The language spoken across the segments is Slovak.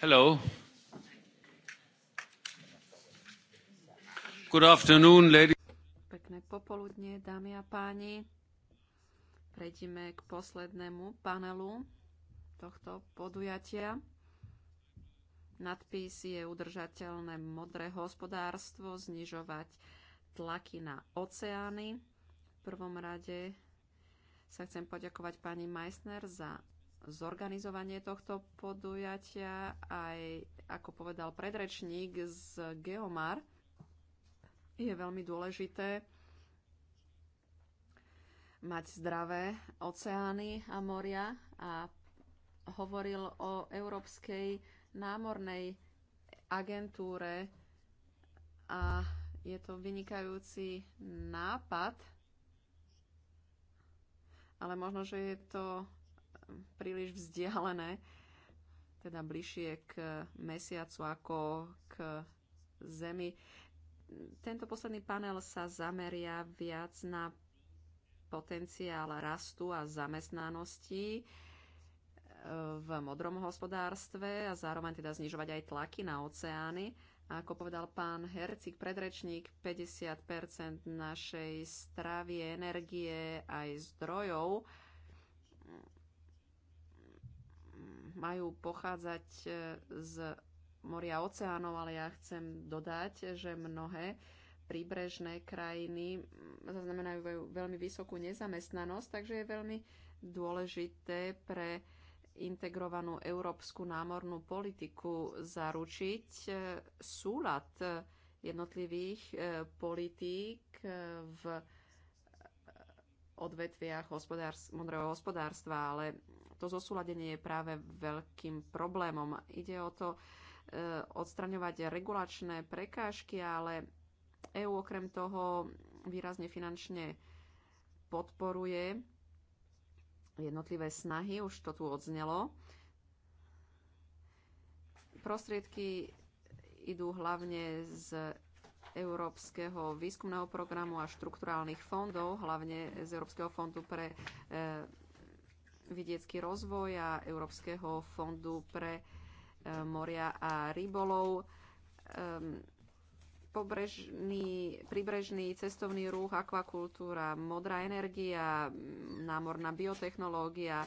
Hello. Good afternoon, lady. Pekné popoludne, dámy a páni. Prejdime k poslednému panelu tohto podujatia. Nadpis je udržateľné modré hospodárstvo, znižovať tlaky na oceány. V prvom rade sa chcem poďakovať pani Meissner za zorganizovanie tohto podujatia, aj ako povedal predrečník z Geomar, je veľmi dôležité mať zdravé oceány a moria a hovoril o Európskej námornej agentúre a je to vynikajúci nápad, ale možno, že je to príliš vzdialené, teda bližšie k mesiacu ako k Zemi. Tento posledný panel sa zameria viac na potenciál rastu a zamestnanosti e, v modrom hospodárstve a zároveň teda znižovať aj tlaky na oceány. A ako povedal pán Hercik, predrečník, 50 našej stravy, energie aj zdrojov majú pochádzať e, z moria oceánov, ale ja chcem dodať, že mnohé príbrežné krajiny zaznamenajú veľmi vysokú nezamestnanosť, takže je veľmi dôležité pre integrovanú európsku námornú politiku zaručiť e, súlad jednotlivých e, politík v odvetviach hospodárs- modrého hospodárstva, ale to zosúladenie je práve veľkým problémom. Ide o to e, odstraňovať regulačné prekážky, ale EÚ okrem toho výrazne finančne podporuje jednotlivé snahy, už to tu odznelo. Prostriedky idú hlavne z Európskeho výskumného programu a štrukturálnych fondov, hlavne z Európskeho fondu pre e, vidiecký rozvoj a Európskeho fondu pre e, moria a rybolov. Ehm, pobrežný, príbrežný cestovný ruch, akvakultúra, modrá energia, námorná biotechnológia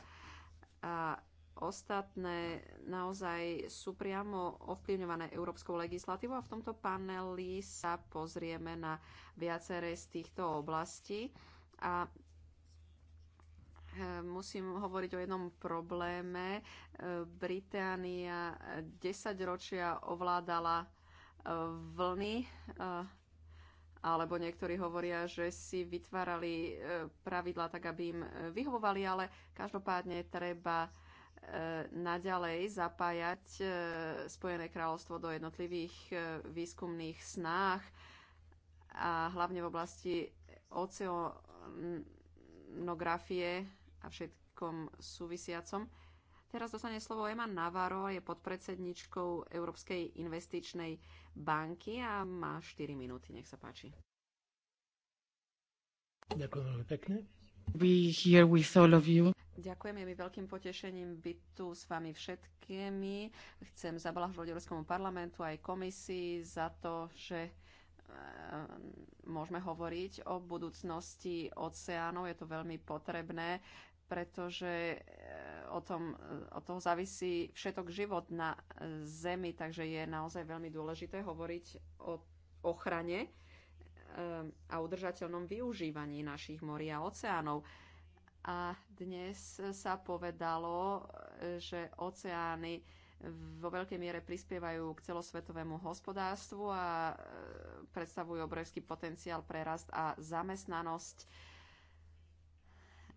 a ostatné naozaj sú priamo ovplyvňované európskou legislatívou a v tomto paneli sa pozrieme na viaceré z týchto oblastí a Eh, musím hovoriť o jednom probléme. Eh, Británia 10 ročia ovládala eh, vlny, alebo niektorí hovoria, že si vytvárali pravidla tak, aby im vyhovovali, ale každopádne treba naďalej zapájať Spojené kráľovstvo do jednotlivých výskumných snách a hlavne v oblasti oceanografie a všetkom súvisiacom. Teraz dostane slovo Ema Navarro, je podpredsedničkou Európskej investičnej banky a má 4 minúty. Nech sa páči. Ďakujem veľmi pekne. Be here with all of you. Ďakujem, je mi veľkým potešením byť tu s vami všetkými. Chcem zablahožovať Európskemu parlamentu aj komisii za to, že e, môžeme hovoriť o budúcnosti oceánov. Je to veľmi potrebné pretože e, o, tom, e, o toho závisí všetok život na e, Zemi, takže je naozaj veľmi dôležité hovoriť o ochrane a udržateľnom využívaní našich morí a oceánov. A dnes sa povedalo, že oceány vo veľkej miere prispievajú k celosvetovému hospodárstvu a predstavujú obrovský potenciál pre rast a zamestnanosť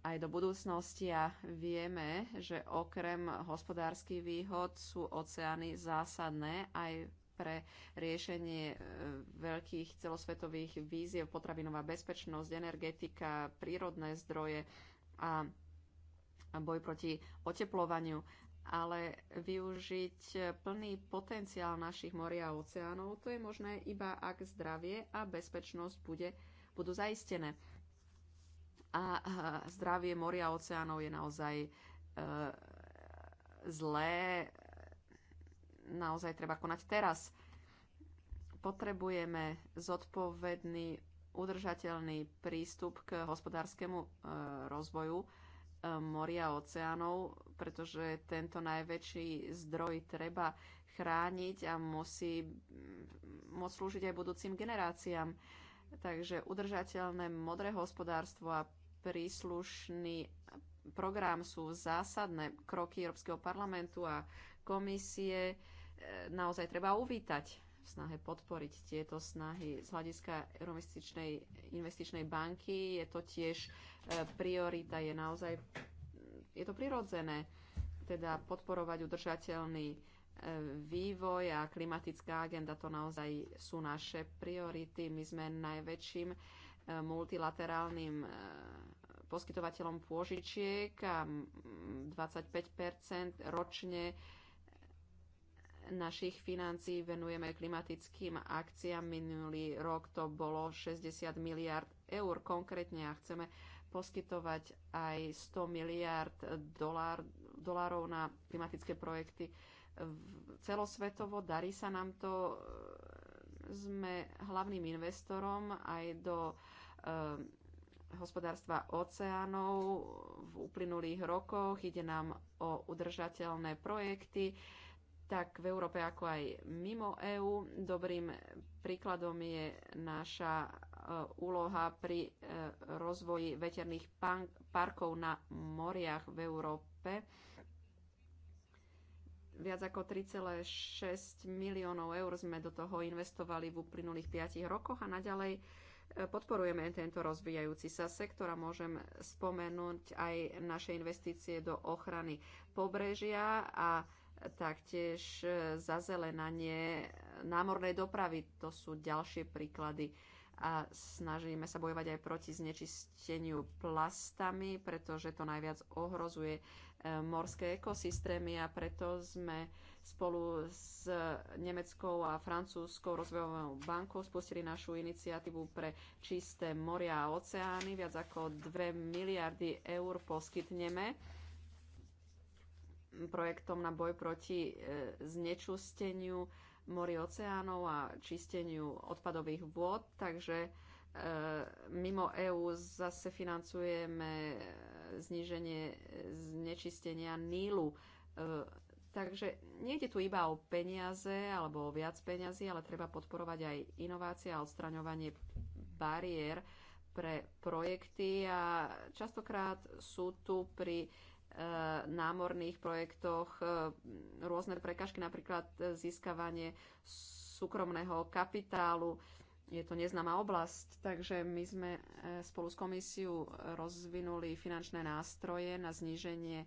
aj do budúcnosti a vieme, že okrem hospodárskych výhod sú oceány zásadné aj pre riešenie e, veľkých celosvetových víziev, potravinová bezpečnosť, energetika, prírodné zdroje a boj proti oteplovaniu, ale využiť plný potenciál našich morí a oceánov, to je možné iba ak zdravie a bezpečnosť bude, budú zaistené a zdravie moria a oceánov je naozaj e, zlé. Naozaj treba konať teraz. Potrebujeme zodpovedný, udržateľný prístup k hospodárskemu e, rozvoju e, moria a oceánov, pretože tento najväčší zdroj treba chrániť a musí môcť slúžiť aj budúcim generáciám. Takže udržateľné modré hospodárstvo a príslušný program sú zásadné kroky Európskeho parlamentu a komisie e, naozaj treba uvítať v snahe podporiť tieto snahy z hľadiska investičnej, investičnej banky. Je to tiež e, priorita, je naozaj je to prirodzené teda podporovať udržateľný e, vývoj a klimatická agenda to naozaj sú naše priority. My sme najväčším multilaterálnym poskytovateľom pôžičiek a 25 ročne našich financií venujeme klimatickým akciám. Minulý rok to bolo 60 miliard eur konkrétne a chceme poskytovať aj 100 miliard dolár, dolárov na klimatické projekty celosvetovo. Darí sa nám to. Sme hlavným investorom aj do hospodárstva oceánov v uplynulých rokoch. Ide nám o udržateľné projekty, tak v Európe ako aj mimo EÚ. Dobrým príkladom je naša e, úloha pri e, rozvoji veterných parkov na moriach v Európe. Viac ako 3,6 miliónov eur sme do toho investovali v uplynulých 5 rokoch a naďalej podporujeme tento rozvíjajúci sa sektor a môžem spomenúť aj naše investície do ochrany pobrežia a taktiež zazelenanie námornej dopravy. To sú ďalšie príklady a snažíme sa bojovať aj proti znečisteniu plastami, pretože to najviac ohrozuje eh, morské ekosystémy a preto sme spolu s Nemeckou a Francúzskou rozvojovou bankou spustili našu iniciatívu pre čisté moria a oceány. Viac ako 2 miliardy eur poskytneme projektom na boj proti e, znečusteniu mori oceánov a čisteniu odpadových vôd. Takže e, mimo EÚ zase financujeme e, zníženie znečistenia Nílu. Takže nejde tu iba o peniaze alebo o viac peniazy, ale treba podporovať aj inovácie a odstraňovanie bariér pre projekty a častokrát sú tu pri e, námorných projektoch e, rôzne prekažky, napríklad získavanie súkromného kapitálu, je to neznáma oblasť, takže my sme e, spolu s komisiou rozvinuli finančné nástroje na zníženie e,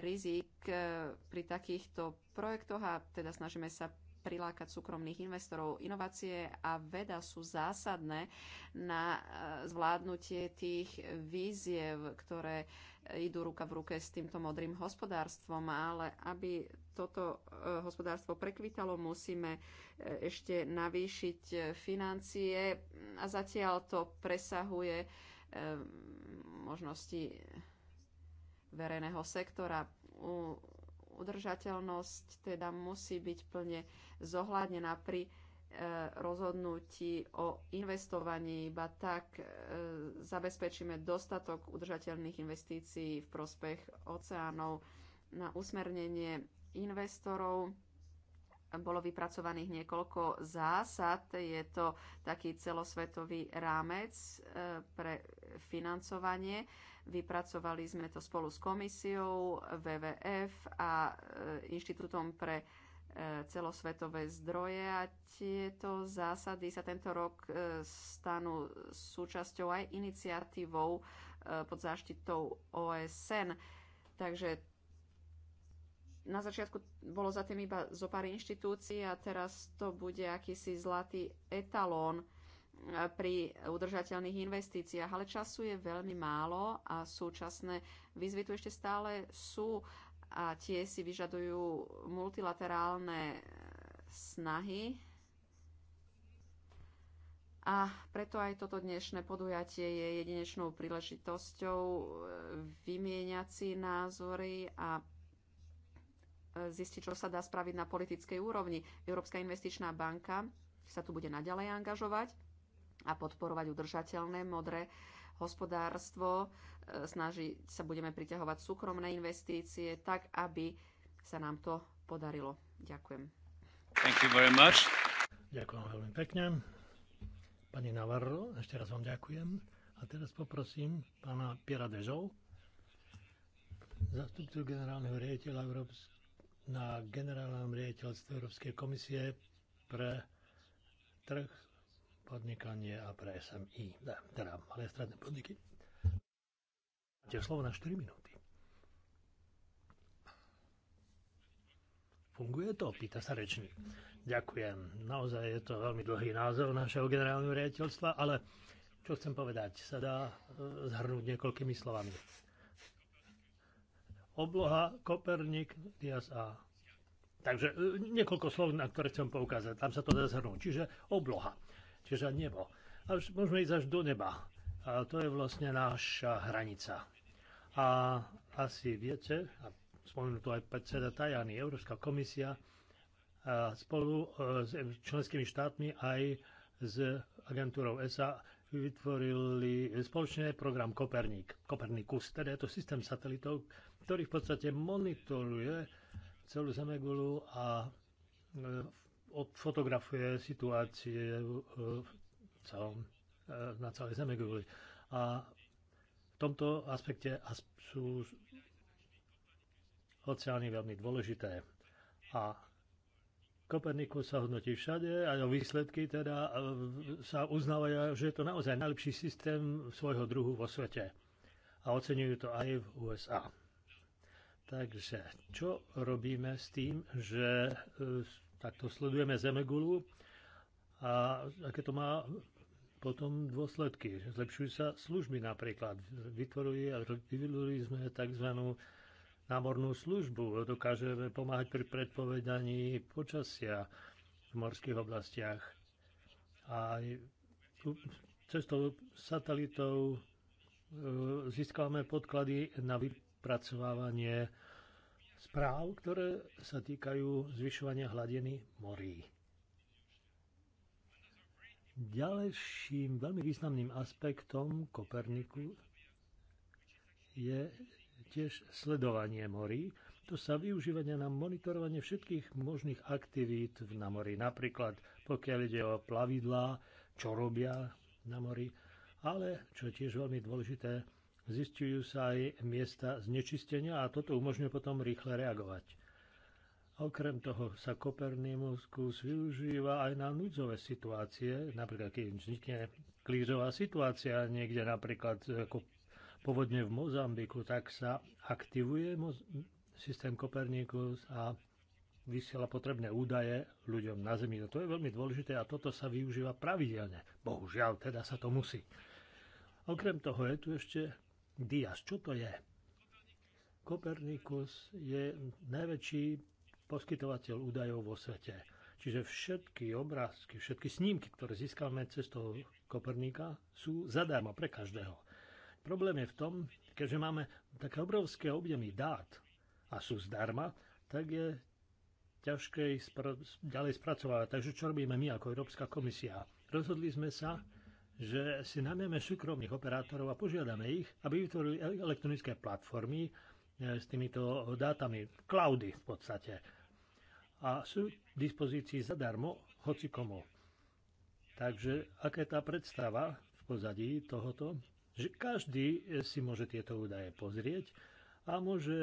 rizik e, pri takýchto projektoch a teda snažíme sa prilákať súkromných investorov. Inovácie a veda sú zásadné na zvládnutie tých víziev, ktoré idú ruka v ruke s týmto modrým hospodárstvom, ale aby toto e, hospodárstvo prekvitalo, musíme e, ešte navýšiť e, financie a zatiaľ to presahuje možnosti verejného sektora. Udržateľnosť teda musí byť plne zohľadnená pri rozhodnutí o investovaní. Iba tak zabezpečíme dostatok udržateľných investícií v prospech oceánov na usmernenie investorov. Bolo vypracovaných niekoľko zásad. Je to taký celosvetový rámec e, pre financovanie. Vypracovali sme to spolu s komisiou, WWF a e, Inštitútom pre e, celosvetové zdroje a tieto zásady sa tento rok stanú súčasťou aj iniciatívou pod záštitou OSN. Takže na začiatku bolo za tým iba zo pár inštitúcií a teraz to bude akýsi zlatý etalón e, pri udržateľných investíciách, ale času je veľmi málo a súčasné výzvy tu ešte stále sú a tie si vyžadujú multilaterálne e, snahy. A preto aj toto dnešné podujatie je jedinečnou príležitosťou e, vymieňať si názory a zistiť, čo sa dá spraviť na politickej úrovni. Európska investičná banka sa tu bude naďalej angažovať a podporovať udržateľné modré hospodárstvo. E, snaží sa budeme priťahovať súkromné investície tak, aby sa nám to podarilo. Ďakujem. Thank you very much. Ďakujem veľmi pekne. Pani Navarro, ešte raz vám ďakujem. A teraz poprosím pána Piera Dežov, zastupcu generálneho riaditeľa Európskej na generálnom riaditeľstve Európskej komisie pre trh, podnikanie a pre SMI, teda malé stredné podniky. Máte slovo na 4 minúty. Funguje to? Pýta sa rečník. Ďakujem. Naozaj je to veľmi dlhý názov našeho generálneho riaditeľstva, ale čo chcem povedať, sa dá eh, zhrnúť niekoľkými slovami obloha Koperník Dias A. Takže e, niekoľko slov, na ktoré chcem poukázať. Tam sa to dá zhrnúť. Čiže obloha, čiže nebo. A môžeme ísť až do neba. A to je vlastne naša hranica. A asi viete, a spomenul to aj predseda Tajany, Európska komisia a spolu e, s členskými štátmi aj s agentúrou ESA vytvorili spoločný program Koperník, Kopernikus, teda je to systém satelitov, ktorý v podstate monitoruje celú Zemegulu a e, fotografuje situácie e, celom, e, na celej Zemeguli. A v tomto aspekte sú oceány veľmi dôležité. A Kopernikus sa hodnotí všade a jeho výsledky teda sa uznávajú, že je to naozaj najlepší systém svojho druhu vo svete. A oceňujú to aj v USA. Takže čo robíme s tým, že e, takto sledujeme Zemegulu a aké to má potom dôsledky? Zlepšujú sa služby napríklad. Vytvorili, vyvinuli sme tzv. námornú službu. Dokážeme pomáhať pri predpovedaní počasia v morských oblastiach. A cestou satelitov e, získavame podklady na vypracovávanie správ, ktoré sa týkajú zvyšovania hladiny morí. Ďalším veľmi významným aspektom Koperniku je tiež sledovanie morí. To sa využíva na monitorovanie všetkých možných aktivít na mori. Napríklad pokiaľ ide o plavidlá, čo robia na mori, ale čo je tiež veľmi dôležité, zistujú sa aj miesta znečistenia a toto umožňuje potom rýchle reagovať. Okrem toho sa Kopernikus využíva aj na núdzové situácie, napríklad keď vznikne klízová situácia niekde napríklad ako e, povodne v Mozambiku, tak sa aktivuje systém Kopernikus a vysiela potrebné údaje ľuďom na Zemi. To je veľmi dôležité a toto sa využíva pravidelne. Bohužiaľ, teda sa to musí. Okrem toho je tu ešte Diaz. Čo to je? Kopernikus je najväčší poskytovateľ údajov vo svete. Čiže všetky obrázky, všetky snímky, ktoré získame cestou Koperníka, sú zadarmo pre každého. Problém je v tom, keďže máme také obrovské objemy dát a sú zdarma, tak je ťažké ich spra- ďalej spracovať. Takže čo robíme my ako Európska komisia? Rozhodli sme sa, že si najmeme súkromných operátorov a požiadame ich, aby vytvorili elektronické platformy e, s týmito dátami, cloudy v podstate. A sú k dispozícii zadarmo hoci komu. Takže aká je tá predstava v pozadí tohoto? Že každý si môže tieto údaje pozrieť a môže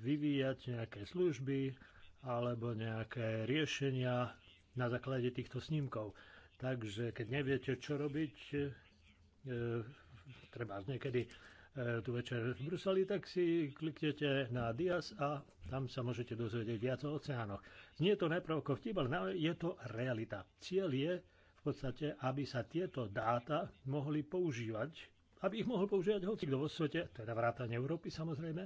vyvíjať nejaké služby alebo nejaké riešenia na základe týchto snímkov. Takže keď neviete, čo robiť, e, treba niekedy e, tu večer v Bruseli, tak si kliknete na Dias a tam sa môžete dozvedieť viac o oceánoch. Nie je to najprv vtip, ale je to realita. Cieľ je v podstate, aby sa tieto dáta mohli používať, aby ich mohol používať kto vo svete, teda vrátane Európy samozrejme,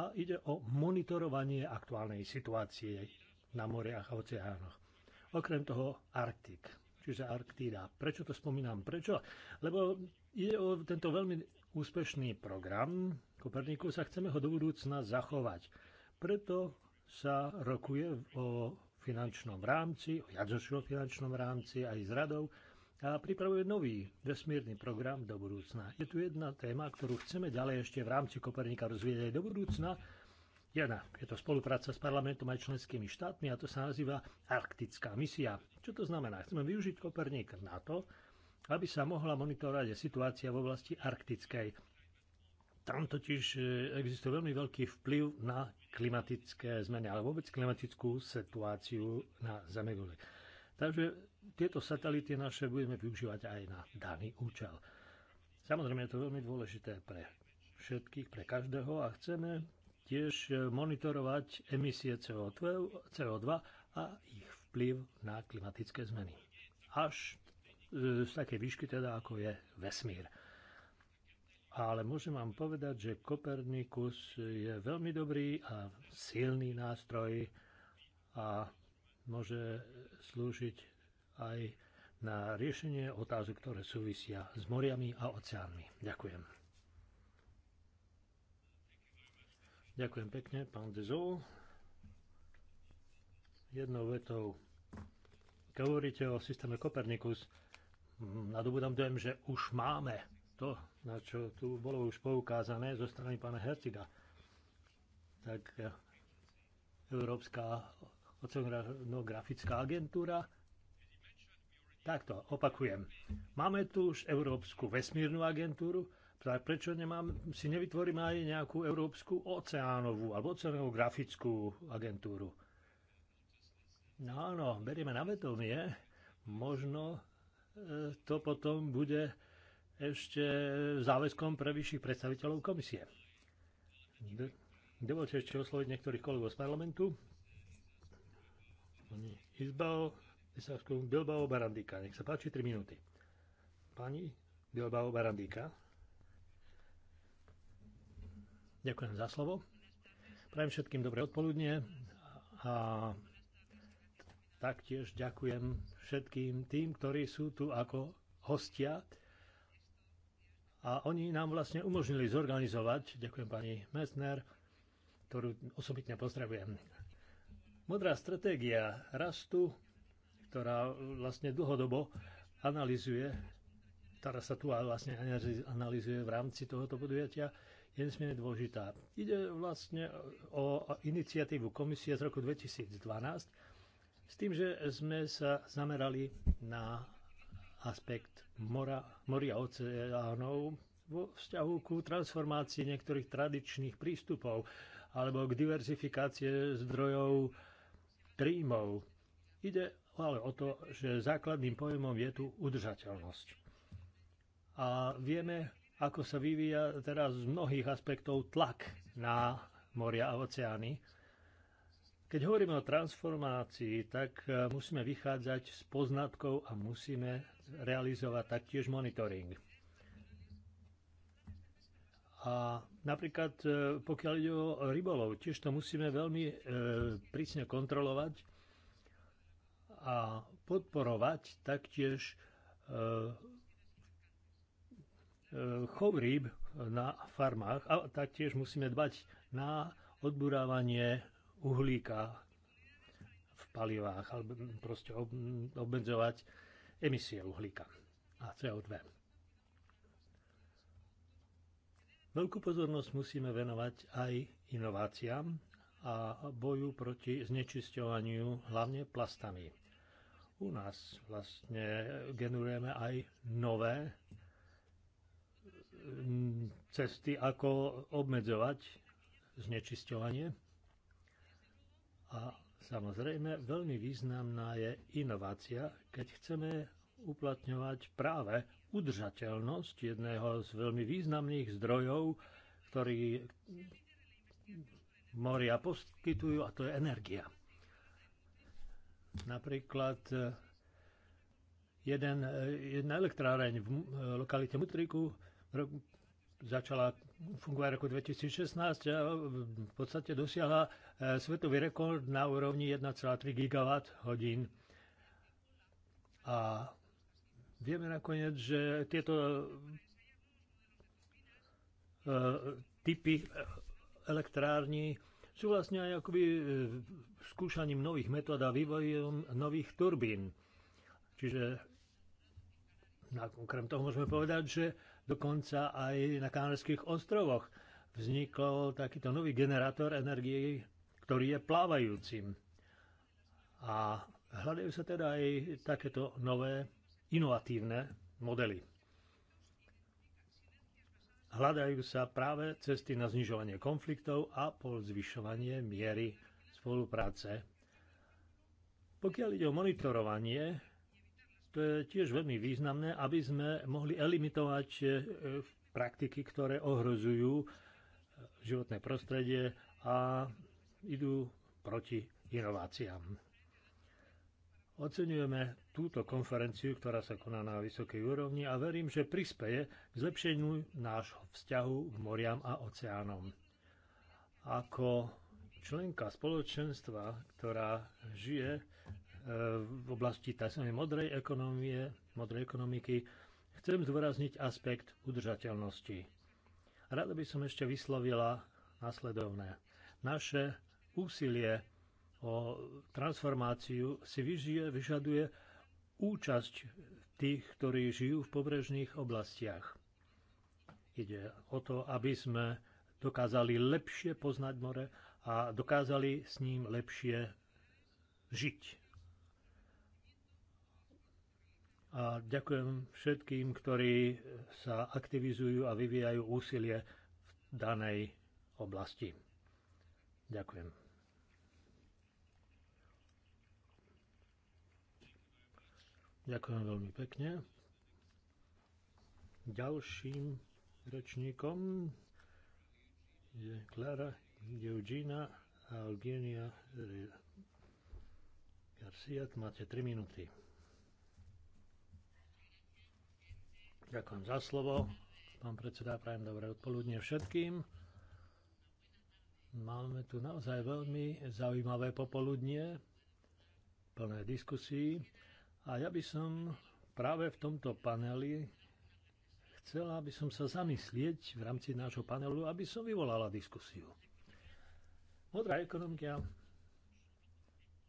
a ide o monitorovanie aktuálnej situácie na moriach a oceánoch. Okrem toho Arktik, čiže Arktída. Prečo to spomínam? Prečo? Lebo je o tento veľmi úspešný program Koperniku sa chceme ho do budúcna zachovať. Preto sa rokuje o finančnom rámci, o jadzošom finančnom rámci aj s radou a pripravuje nový vesmírny program do budúcna. Je tu jedna téma, ktorú chceme ďalej ešte v rámci Kopernika rozvíjať aj do budúcna, Jedna, je to spolupráca s parlamentom aj členskými štátmi a to sa nazýva Arktická misia. Čo to znamená? Chceme využiť Koperník na to, aby sa mohla monitorovať situácia v oblasti arktickej. Tam totiž e, existuje veľmi veľký vplyv na klimatické zmeny, ale vôbec klimatickú situáciu na Zemeguli. Takže tieto satelity naše budeme využívať aj na daný účel. Samozrejme je to veľmi dôležité pre všetkých, pre každého a chceme tiež e, monitorovať emisie CO2 a ich vplyv na klimatické zmeny. Až e, z takej výšky teda, ako je vesmír. Ale môžem vám povedať, že Kopernikus je veľmi dobrý a silný nástroj a môže slúžiť aj na riešenie otázok, ktoré súvisia s moriami a oceánmi. Ďakujem. Ďakujem pekne, pán Dezol. Jednou vetou. Keď hovoríte o systéme Kopernikus, hm, nadobudám dojem, že už máme to, na čo tu bolo už poukázané zo strany pána Herciga. Tak eh, Európska oceanografická agentúra Takto, opakujem. Máme tu už Európsku vesmírnu agentúru prečo nemám, si nevytvorím aj nejakú európsku oceánovú alebo oceánovú agentúru? No áno, berieme na vedomie, možno e, to potom bude ešte záväzkom pre vyšších predstaviteľov komisie. Dovolte ešte osloviť niektorých kolegov z parlamentu. Pani Izbao, Bilbao Barandíka, nech sa páči 3 minúty. Pani Bilbao Barandíka. Ďakujem za slovo. Prajem všetkým dobré odpoludne a taktiež ďakujem všetkým tým, ktorí sú tu ako hostia a oni nám vlastne umožnili zorganizovať, ďakujem pani Messner, ktorú osobitne pozdravujem. Modrá stratégia rastu, ktorá vlastne dlhodobo analizuje, ktorá sa tu vlastne analizuje v rámci tohoto podujatia, nesmierne dôležitá. Ide vlastne o iniciatívu komisie z roku 2012 s tým, že sme sa zamerali na aspekt mora, moria oceánov vo vzťahu ku transformácii niektorých tradičných prístupov alebo k diverzifikácie zdrojov príjmov. Ide ale o to, že základným pojmom je tu udržateľnosť. A vieme, ako sa vyvíja teraz z mnohých aspektov tlak na moria a oceány. Keď hovoríme o transformácii, tak e, musíme vychádzať z poznatkov a musíme realizovať taktiež monitoring. A napríklad e, pokiaľ ide o rybolov, tiež to musíme veľmi e, prísne kontrolovať a podporovať taktiež e, Eh, chov rýb na farmách a taktiež musíme dbať na odburávanie uhlíka v palivách alebo proste obmedzovať emisie uhlíka a CO2. Veľkú pozornosť musíme venovať aj inováciám a boju proti znečisťovaniu hlavne plastami. U nás vlastne generujeme aj nové cesty, ako obmedzovať znečisťovanie. A samozrejme veľmi významná je inovácia, keď chceme uplatňovať práve udržateľnosť jedného z veľmi významných zdrojov, ktorý moria poskytujú, a to je energia. Napríklad eh, jeden, eh, jedna elektráreň v eh, lokalite Mutriku začala fungovať v roku 2016 a v podstate dosiahla e, svetový rekord na úrovni 1,3 gigawatt hodín. A vieme nakoniec, že tieto e, typy elektrární sú vlastne aj akoby e, skúšaním nových metód a vývojom nových turbín. Čiže okrem toho môžeme povedať, že dokonca aj na Kanárských ostrovoch vznikol takýto nový generátor energie, ktorý je plávajúcim. A hľadajú sa teda aj takéto nové inovatívne modely. Hľadajú sa práve cesty na znižovanie konfliktov a po zvyšovanie miery spolupráce. Pokiaľ ide o monitorovanie to je tiež veľmi významné, aby sme mohli elimitovať e, praktiky, ktoré ohrozujú e, životné prostredie a idú proti inováciám. Oceňujeme túto konferenciu, ktorá sa koná na vysokej úrovni a verím, že prispeje k zlepšeniu nášho vzťahu k moriam a oceánom. Ako členka spoločenstva, ktorá žije v oblasti tzv. modrej ekonomie, modrej ekonomiky, chcem zdôrazniť aspekt udržateľnosti. Rada by som ešte vyslovila nasledovné. Naše úsilie o transformáciu si vyžije, vyžaduje účasť tých, ktorí žijú v pobrežných oblastiach. Ide o to, aby sme dokázali lepšie poznať more a dokázali s ním lepšie žiť. a ďakujem všetkým, ktorí sa aktivizujú a vyvíjajú úsilie v danej oblasti. Ďakujem. Ďakujem veľmi pekne. Ďalším rečníkom je Klara Eugenia Eugenia Garcia. Máte 3 minúty. Ďakujem za slovo. Pán predseda, prajem dobré odpoludne všetkým. Máme tu naozaj veľmi zaujímavé popoludnie, plné diskusí. A ja by som práve v tomto paneli chcela, aby som sa zamyslieť v rámci nášho panelu, aby som vyvolala diskusiu. Modrá ekonomika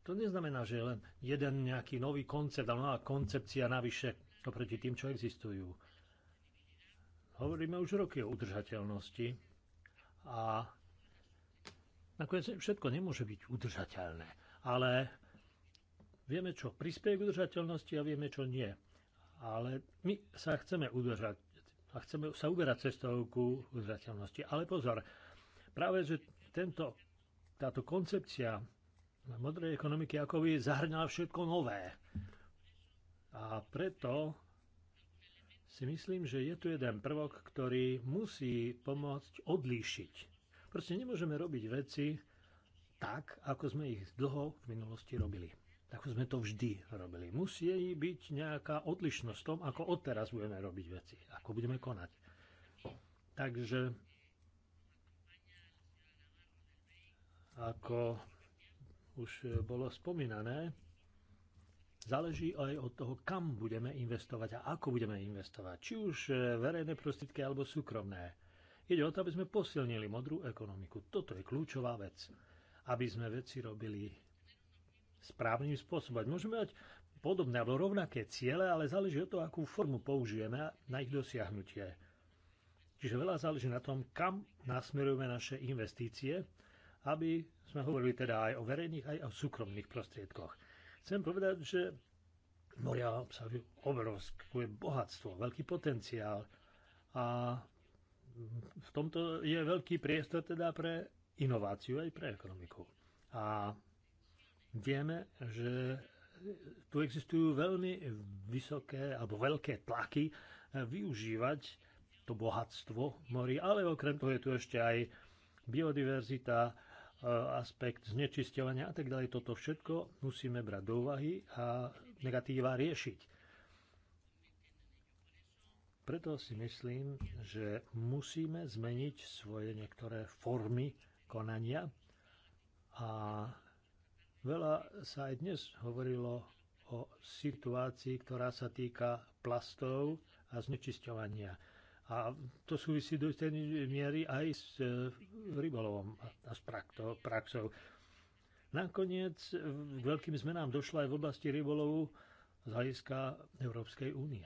to neznamená, že je len jeden nejaký nový koncept, ale nová koncepcia navyše oproti tým, čo existujú. Hovoríme už roky o udržateľnosti a nakoniec všetko nemôže byť udržateľné, ale vieme, čo prispieje k udržateľnosti a vieme, čo nie. Ale my sa chceme udržať a chceme sa uberať cestou ku udržateľnosti. Ale pozor, práve že tento, táto koncepcia modrej ekonomiky ako by zahrňala všetko nové. A preto si myslím, že je tu jeden prvok, ktorý musí pomôcť odlíšiť. Proste nemôžeme robiť veci tak, ako sme ich dlho v minulosti robili. Ako sme to vždy robili. Musí byť nejaká odlišnosť v tom, ako odteraz budeme robiť veci, ako budeme konať. Takže ako už bolo spomínané, záleží aj od toho, kam budeme investovať a ako budeme investovať, či už e, verejné prostriedky alebo súkromné. Ide o to, aby sme posilnili modrú ekonomiku. Toto je kľúčová vec. Aby sme veci robili správnym spôsobom. Môžeme mať podobné alebo rovnaké ciele, ale záleží od toho, akú formu použijeme na ich dosiahnutie. Čiže veľa záleží na tom, kam nasmerujeme naše investície, aby sme hovorili teda aj o verejných, aj o súkromných prostriedkoch. Chcem povedať, že moria obsahujú obrovské bohatstvo, veľký potenciál a v tomto je veľký priestor teda pre inováciu aj pre ekonomiku. A vieme, že tu existujú veľmi vysoké alebo veľké tlaky eh, využívať to bohatstvo morí, ale okrem toho je tu ešte aj biodiverzita, E, aspekt znečisťovania a tak ďalej. Toto všetko musíme brať do úvahy a negatíva riešiť. Preto si myslím, že musíme zmeniť svoje niektoré formy konania a veľa sa aj dnes hovorilo o situácii, ktorá sa týka plastov a znečisťovania. A to súvisí do tej miery aj s e, rybolovom a s praxou. Nakoniec k veľkým zmenám došla aj v oblasti rybolovu z hľadiska Európskej únie.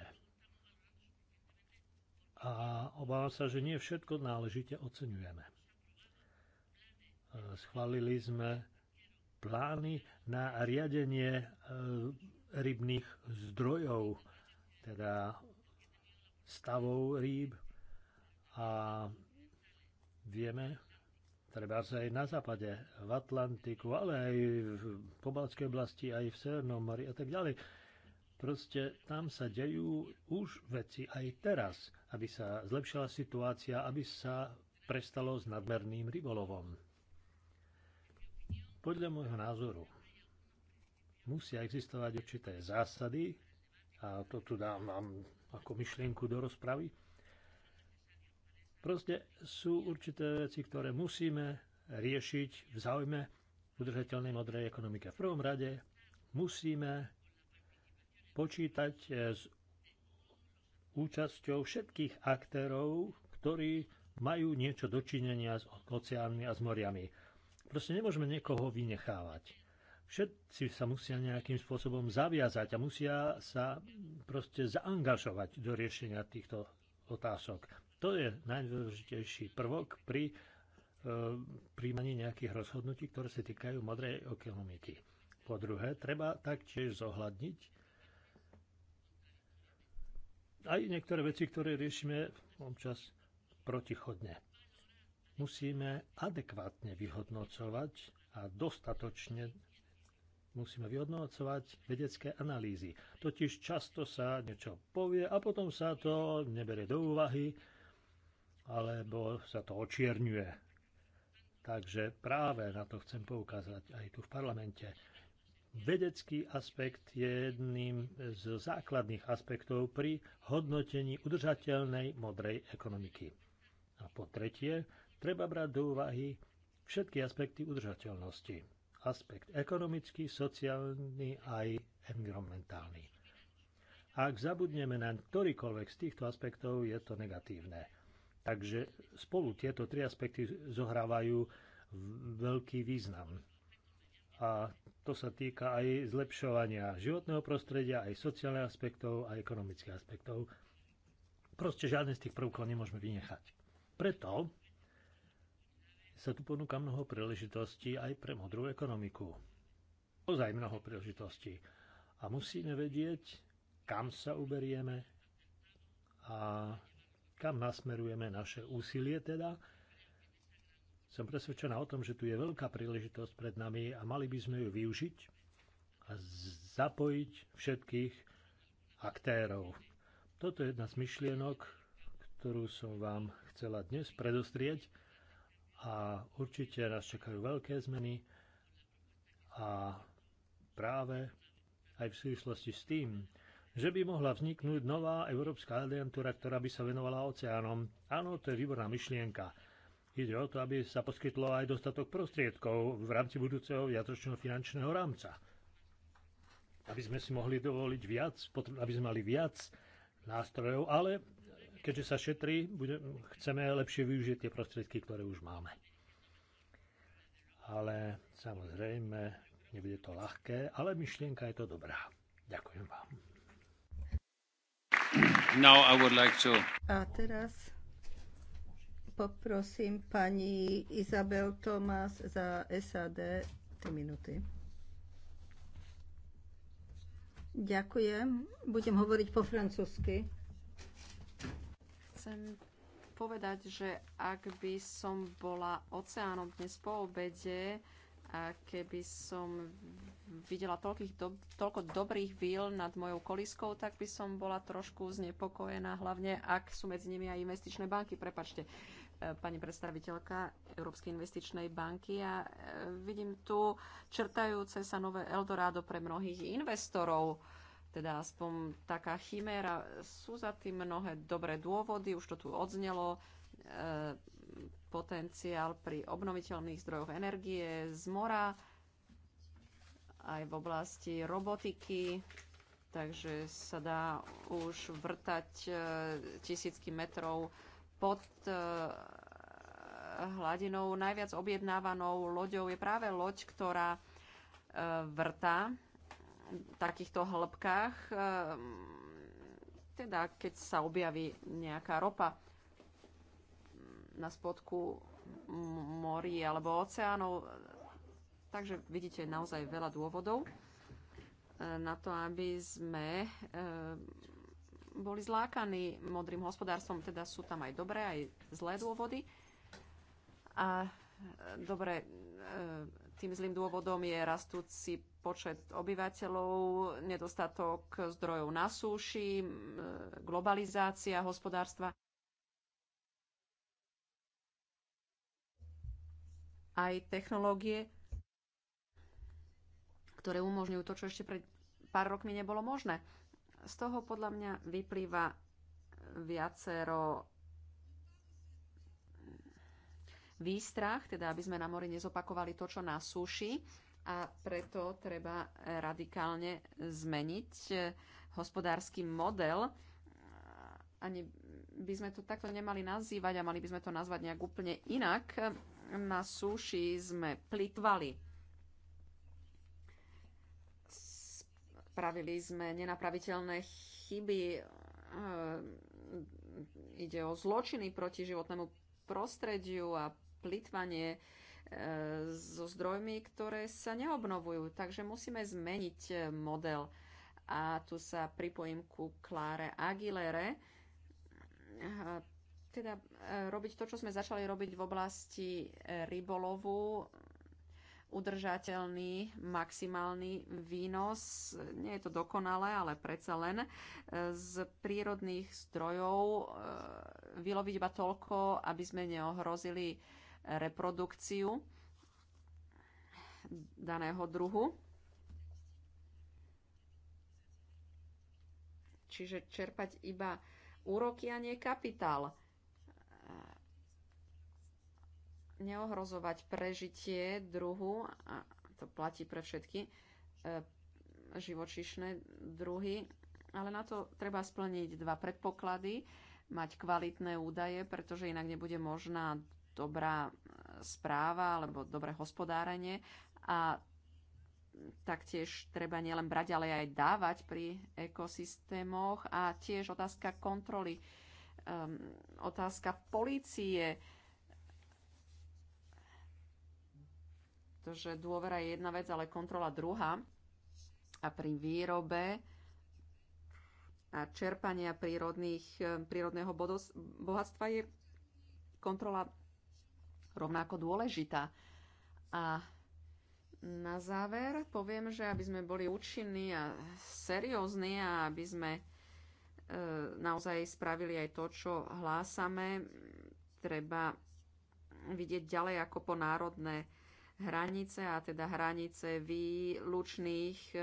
A obávam sa, že nie všetko náležite oceňujeme. E, schválili sme plány na riadenie e, rybných zdrojov, teda stavov rýb a vieme, treba aj na západe, v Atlantiku, ale aj v Pobalskej oblasti, aj v Severnom mori a tak ďalej. Proste tam sa dejú už veci aj teraz, aby sa zlepšila situácia, aby sa prestalo s nadmerným rybolovom. Podľa môjho názoru musia existovať určité zásady, a to tu dám vám ako myšlienku do rozpravy. Proste sú určité veci, ktoré musíme riešiť v záujme udržateľnej modrej ekonomike. V prvom rade musíme počítať eh, s účasťou všetkých aktérov, ktorí majú niečo dočinenia s oceánmi a s moriami. Proste nemôžeme niekoho vynechávať. Všetci sa musia nejakým spôsobom zaviazať a musia sa proste zaangažovať do riešenia týchto otázok. To je najdôležitejší prvok pri e, príjmaní nejakých rozhodnutí, ktoré sa týkajú modrej ekonomiky. Po druhé, treba taktiež zohľadniť aj niektoré veci, ktoré riešime občas protichodne. Musíme adekvátne vyhodnocovať a dostatočne musíme vyhodnocovať vedecké analýzy. Totiž často sa niečo povie a potom sa to nebere do úvahy alebo sa to očierňuje. Takže práve na to chcem poukázať aj tu v parlamente. Vedecký aspekt je jedným z základných aspektov pri hodnotení udržateľnej modrej ekonomiky. A po tretie, treba brať do úvahy všetky aspekty udržateľnosti aspekt ekonomický, sociálny aj environmentálny. Ak zabudneme na ktorýkoľvek z týchto aspektov, je to negatívne. Takže spolu tieto tri aspekty zohrávajú veľký význam. A to sa týka aj zlepšovania životného prostredia, aj sociálnych aspektov, aj ekonomických aspektov. Proste žiadne z tých prvkov nemôžeme vynechať. Preto sa tu ponúka mnoho príležitostí aj pre modrú ekonomiku. Ozaj mnoho príležitostí. A musíme vedieť, kam sa uberieme a kam nasmerujeme naše úsilie teda. Som presvedčená o tom, že tu je veľká príležitosť pred nami a mali by sme ju využiť a zapojiť všetkých aktérov. Toto je jedna z myšlienok, ktorú som vám chcela dnes predostrieť a určite nás čakajú veľké zmeny a práve aj v súvislosti s tým, že by mohla vzniknúť nová Európska agentúra, ktorá by sa venovala oceánom. Áno, to je výborná myšlienka. Ide o to, aby sa poskytlo aj dostatok prostriedkov v rámci budúceho viacročného finančného rámca. Aby sme si mohli dovoliť viac, aby sme mali viac nástrojov, ale keďže sa šetrí, bude, chceme lepšie využiť tie prostriedky, ktoré už máme. Ale samozrejme, nebude to ľahké, ale myšlienka je to dobrá. Ďakujem vám. Now I would like to... A teraz poprosím pani Izabel Tomás za SAD 3 minúty. Ďakujem. Budem hovoriť po francúzsky chcem povedať, že ak by som bola oceánom dnes po obede, a keby som videla toľkých do, toľko dobrých víl nad mojou koliskou, tak by som bola trošku znepokojená, hlavne ak sú medzi nimi aj investičné banky. Prepačte, e, pani predstaviteľka Európskej investičnej banky a e, vidím tu čertajúce sa nové Eldorado pre mnohých investorov teda aspoň taká chiméra. Sú za tým mnohé dobré dôvody, už to tu odznelo, e, potenciál pri obnoviteľných zdrojoch energie z mora, aj v oblasti robotiky, takže sa dá už vrtať e, tisícky metrov pod e, hladinou. Najviac objednávanou loďou je práve loď, ktorá e, vrta takýchto hĺbkách, ehm, teda keď sa objaví nejaká ropa na spodku morí alebo oceánov. Takže vidíte naozaj veľa dôvodov e, na to, aby sme ehm, boli zlákaní modrým hospodárstvom. Teda sú tam aj dobré, aj zlé dôvody. A e, dobre, e, tým zlým dôvodom je rastúci počet obyvateľov, nedostatok zdrojov na súši, globalizácia hospodárstva. Aj technológie, ktoré umožňujú to, čo ešte pred pár rokmi nebolo možné. Z toho podľa mňa vyplýva viacero výstrach, teda aby sme na mori nezopakovali to, čo na súši a preto treba radikálne zmeniť eh, hospodársky model. Ani by sme to takto nemali nazývať a mali by sme to nazvať nejak úplne inak. Na súši sme plitvali. Spravili sme nenapraviteľné chyby. Eh, ide o zločiny proti životnému prostrediu a plýtvanie e, so zdrojmi, ktoré sa neobnovujú. Takže musíme zmeniť e, model. A tu sa pripojím ku Kláre Aguilere. E, teda robiť to, čo sme začali robiť v oblasti rybolovu, udržateľný maximálny výnos. Nie je to dokonalé, ale predsa len z prírodných zdrojov vyloviť iba toľko, aby sme neohrozili reprodukciu daného druhu. Čiže čerpať iba úroky a nie kapitál. Neohrozovať prežitie druhu, a to platí pre všetky e, živočišné druhy, ale na to treba splniť dva predpoklady, mať kvalitné údaje, pretože inak nebude možná dobrá e, správa alebo dobré hospodárenie a taktiež treba nielen brať, ale aj dávať pri ekosystémoch a tiež otázka kontroly, um, otázka policie. Pretože dôvera je jedna vec, ale kontrola druhá. A pri výrobe a čerpania prírodných, e, prírodného bohatstva je kontrola rovnako dôležitá. A na záver poviem, že aby sme boli účinní a seriózni a aby sme e, naozaj spravili aj to, čo hlásame, treba vidieť ďalej ako po národné hranice a teda hranice výlučných e,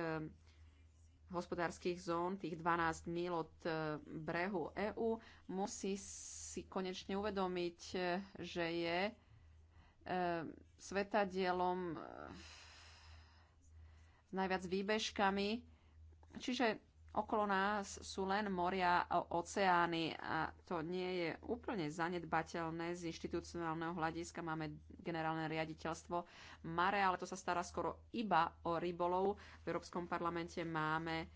hospodárskych zón, tých 12 mil od e, brehu EÚ, musí si konečne uvedomiť, e, že je E, svetadielom e, s najviac výbežkami. Čiže okolo nás sú len moria a oceány a to nie je úplne zanedbateľné z inštitucionálneho hľadiska. Máme generálne riaditeľstvo Mare, ale to sa stará skoro iba o rybolov. V Európskom parlamente máme e,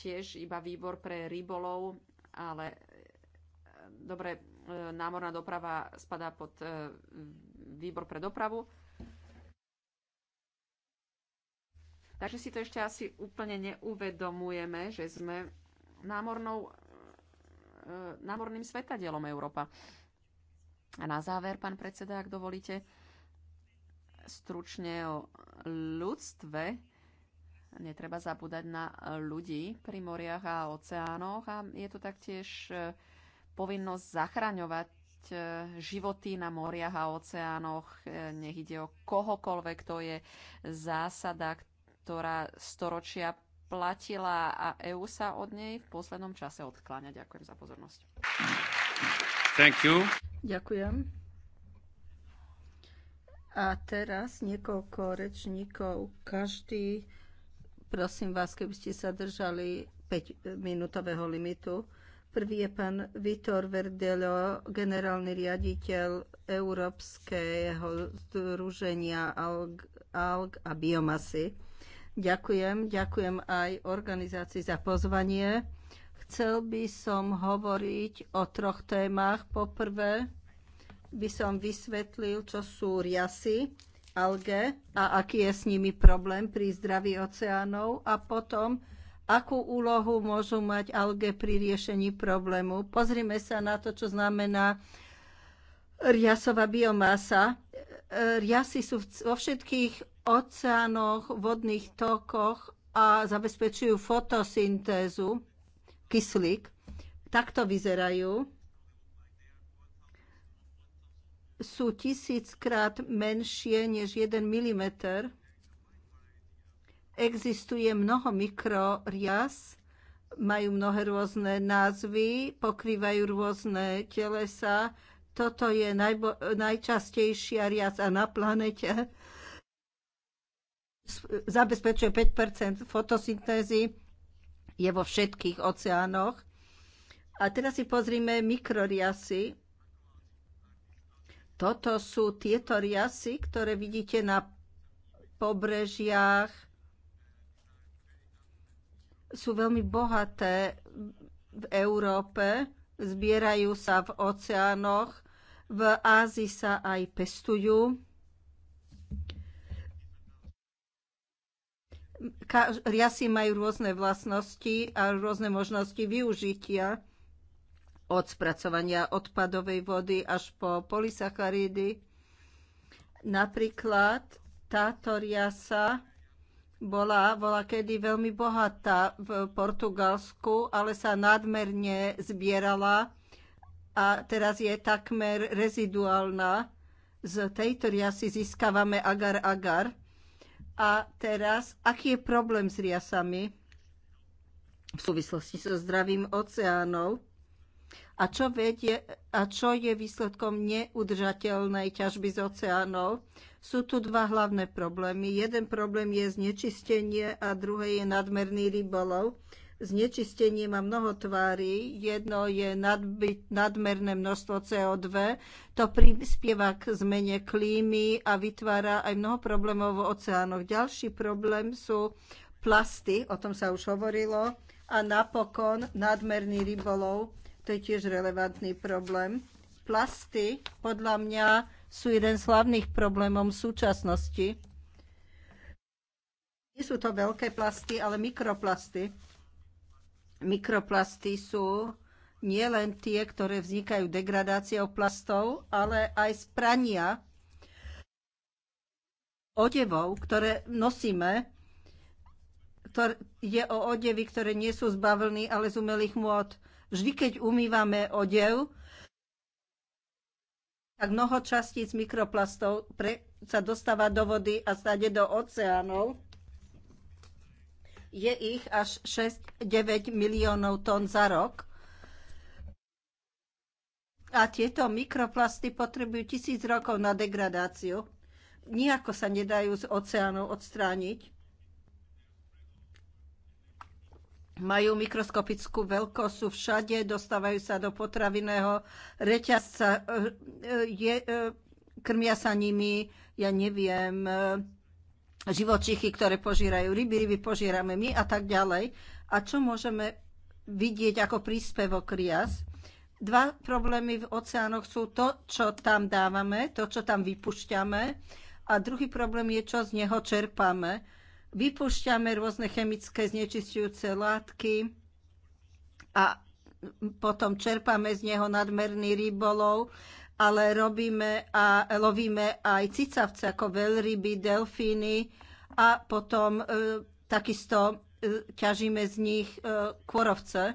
tiež iba výbor pre rybolov, ale dobre, E, námorná doprava spadá pod e, výbor pre dopravu. Takže si to ešte asi úplne neuvedomujeme, že sme námornou, e, námorným svetadielom Európa. A na záver, pán predseda, ak dovolíte, stručne o ľudstve. Netreba zabúdať na ľudí pri moriach a oceánoch. A je to taktiež povinnosť zachraňovať e, životy na moriach a oceánoch. E, nech ide o kohokoľvek, to je zásada, ktorá storočia platila a EU sa od nej v poslednom čase odkláňa. Ďakujem za pozornosť. Thank you. Ďakujem. A teraz niekoľko rečníkov. Každý, prosím vás, keby ste sa držali 5-minútového limitu. Prvý je pán Vitor Verdelo, generálny riaditeľ Európskeho združenia ALG, ALG a biomasy. Ďakujem, ďakujem aj organizácii za pozvanie. Chcel by som hovoriť o troch témach. Poprvé by som vysvetlil, čo sú riasy, alge a aký je s nimi problém pri zdraví oceánov a potom akú úlohu môžu mať alge pri riešení problému. Pozrime sa na to, čo znamená riasová biomasa. Riasy sú vo všetkých oceánoch, vodných tokoch a zabezpečujú fotosyntézu, kyslík. Takto vyzerajú. Sú tisíckrát menšie než 1 mm Existuje mnoho mikrorias, majú mnohé rôzne názvy, pokrývajú rôzne telesa. Toto je najbo- najčastejšia riaca na planete. Zabezpečuje 5 fotosyntézy, je vo všetkých oceánoch. A teraz si pozrime mikroriasy. Toto sú tieto riasy, ktoré vidíte na pobrežiach, sú veľmi bohaté v Európe, zbierajú sa v oceánoch, v Ázii sa aj pestujú. Riasy majú rôzne vlastnosti a rôzne možnosti využitia od spracovania odpadovej vody až po polysacharidy. Napríklad táto riasa bola, bola kedy veľmi bohatá v Portugalsku, ale sa nadmerne zbierala a teraz je takmer reziduálna. Z tejto riasy získavame agar-agar. A teraz, aký je problém s riasami v súvislosti so zdravím oceánov? a čo, vedie, a čo je výsledkom neudržateľnej ťažby z oceánov. Sú tu dva hlavné problémy. Jeden problém je znečistenie a druhé je nadmerný rybolov. Znečistenie má mnoho tvári. Jedno je nadby, nadmerné množstvo CO2. To prispieva k zmene klímy a vytvára aj mnoho problémov v oceánoch. Ďalší problém sú plasty, o tom sa už hovorilo, a napokon nadmerný rybolov to je tiež relevantný problém. Plasty podľa mňa sú jeden z hlavných problémov v súčasnosti. Nie sú to veľké plasty, ale mikroplasty. Mikroplasty sú nielen tie, ktoré vznikajú degradáciou plastov, ale aj z prania odevov, ktoré nosíme. Ktoré, o odevy, ktoré nie sú z bavlny, ale z umelých môd. Vždy, keď umývame odev, tak mnoho častíc mikroplastov pre, sa dostáva do vody a stade do oceánov. Je ich až 6-9 miliónov tón za rok. A tieto mikroplasty potrebujú tisíc rokov na degradáciu. Nijako sa nedajú z oceánov odstrániť. majú mikroskopickú veľkosť, sú všade, dostávajú sa do potravinného reťazca, e, e, je, e, krmia sa nimi, ja neviem, živočichy, ktoré požírajú ryby, ryby požírame my a tak ďalej. A čo môžeme vidieť ako príspevok rias? Dva problémy v oceánoch sú to, čo tam dávame, to, čo tam vypušťame a druhý problém je, čo z neho čerpame Vypúšťame rôzne chemické znečistujúce látky a potom čerpáme z neho nadmerný rybolov, ale robíme a lovíme aj cicavce ako veľryby, delfíny a potom e, takisto e, ťažíme z nich e, kôrovce.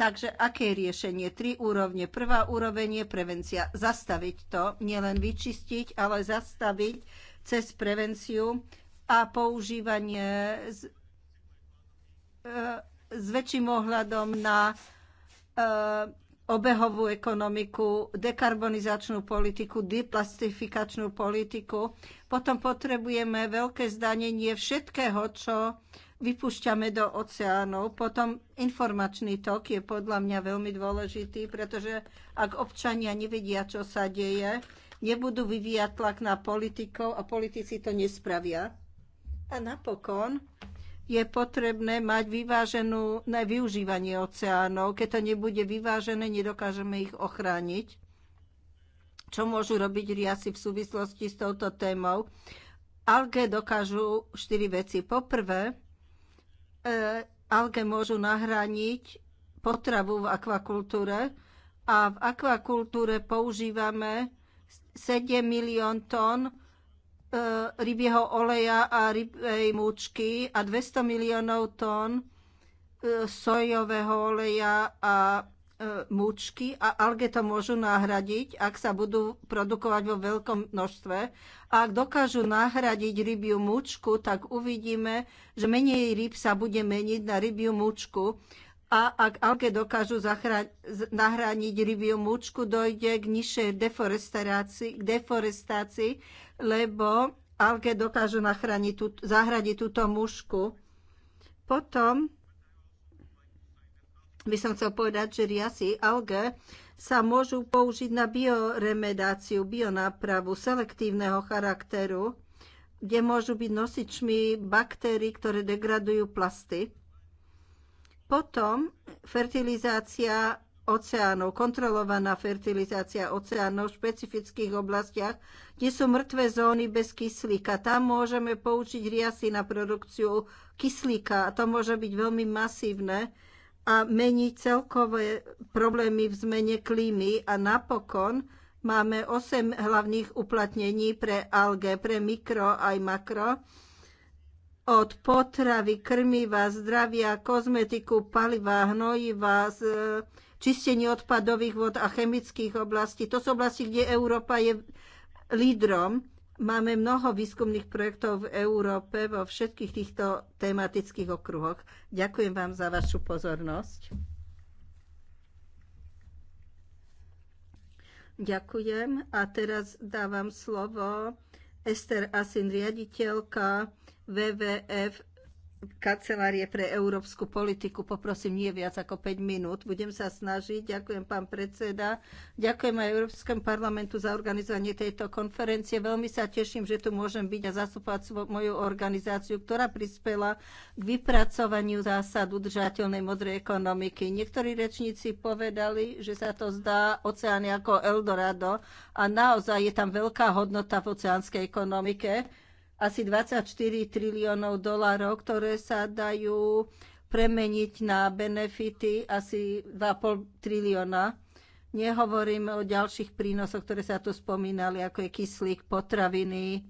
Takže aké je riešenie? Tri úrovne. Prvá úroveň je prevencia. Zastaviť to, nielen vyčistiť, ale zastaviť cez prevenciu a používanie s, e, s väčším ohľadom na e, obehovú ekonomiku, dekarbonizačnú politiku, deplastifikačnú politiku. Potom potrebujeme veľké zdanenie všetkého, čo vypúšťame do oceánov. Potom informačný tok je podľa mňa veľmi dôležitý, pretože ak občania nevedia, čo sa deje, nebudú vyvíjať tlak na politikov a politici to nespravia. A napokon je potrebné mať vyváženú na využívanie oceánov. Keď to nebude vyvážené, nedokážeme ich ochrániť. Čo môžu robiť riasy v súvislosti s touto témou? Alge dokážu štyri veci. Poprvé, e, alge môžu nahraniť potravu v akvakultúre a v akvakultúre používame 7 milión tón E, rybieho oleja a rybej múčky a 200 miliónov tón e, sojového oleja a e, múčky a alge to môžu nahradiť, ak sa budú produkovať vo veľkom množstve. A ak dokážu nahradiť rybiu múčku, tak uvidíme, že menej ryb sa bude meniť na rybiu múčku. A ak alge dokážu nahradiť rybiu múčku, dojde k nižšej deforestácii, k deforestácii, lebo alge dokážu nachrániť tú, zahradiť túto mušku. Potom by som chcel povedať, že riasy alge sa môžu použiť na bioremedáciu, bionápravu selektívneho charakteru, kde môžu byť nosičmi baktérií, ktoré degradujú plasty. Potom fertilizácia oceánov, kontrolovaná fertilizácia oceánov v špecifických oblastiach, kde sú mŕtve zóny bez kyslíka. Tam môžeme použiť riasy na produkciu kyslíka a to môže byť veľmi masívne a mení celkové problémy v zmene klímy a napokon máme 8 hlavných uplatnení pre alge, pre mikro aj makro od potravy, krmiva, zdravia, kozmetiku, paliva, hnojiva, Čistenie odpadových vod a chemických oblastí. To sú oblasti, kde Európa je lídrom. Máme mnoho výskumných projektov v Európe vo všetkých týchto tematických okruhoch. Ďakujem vám za vašu pozornosť. Ďakujem a teraz dávam slovo Ester Asin, riaditeľka WWF kancelárie pre európsku politiku. Poprosím nie viac ako 5 minút. Budem sa snažiť. Ďakujem, pán predseda. Ďakujem aj Európskom parlamentu za organizovanie tejto konferencie. Veľmi sa teším, že tu môžem byť a zastupovať moju organizáciu, ktorá prispela k vypracovaniu zásad udržateľnej modrej ekonomiky. Niektorí rečníci povedali, že sa to zdá oceány ako Eldorado a naozaj je tam veľká hodnota v oceánskej ekonomike asi 24 triliónov dolarov, ktoré sa dajú premeniť na benefity asi 2,5 trilióna. Nehovorím o ďalších prínosoch, ktoré sa tu spomínali, ako je kyslík, potraviny,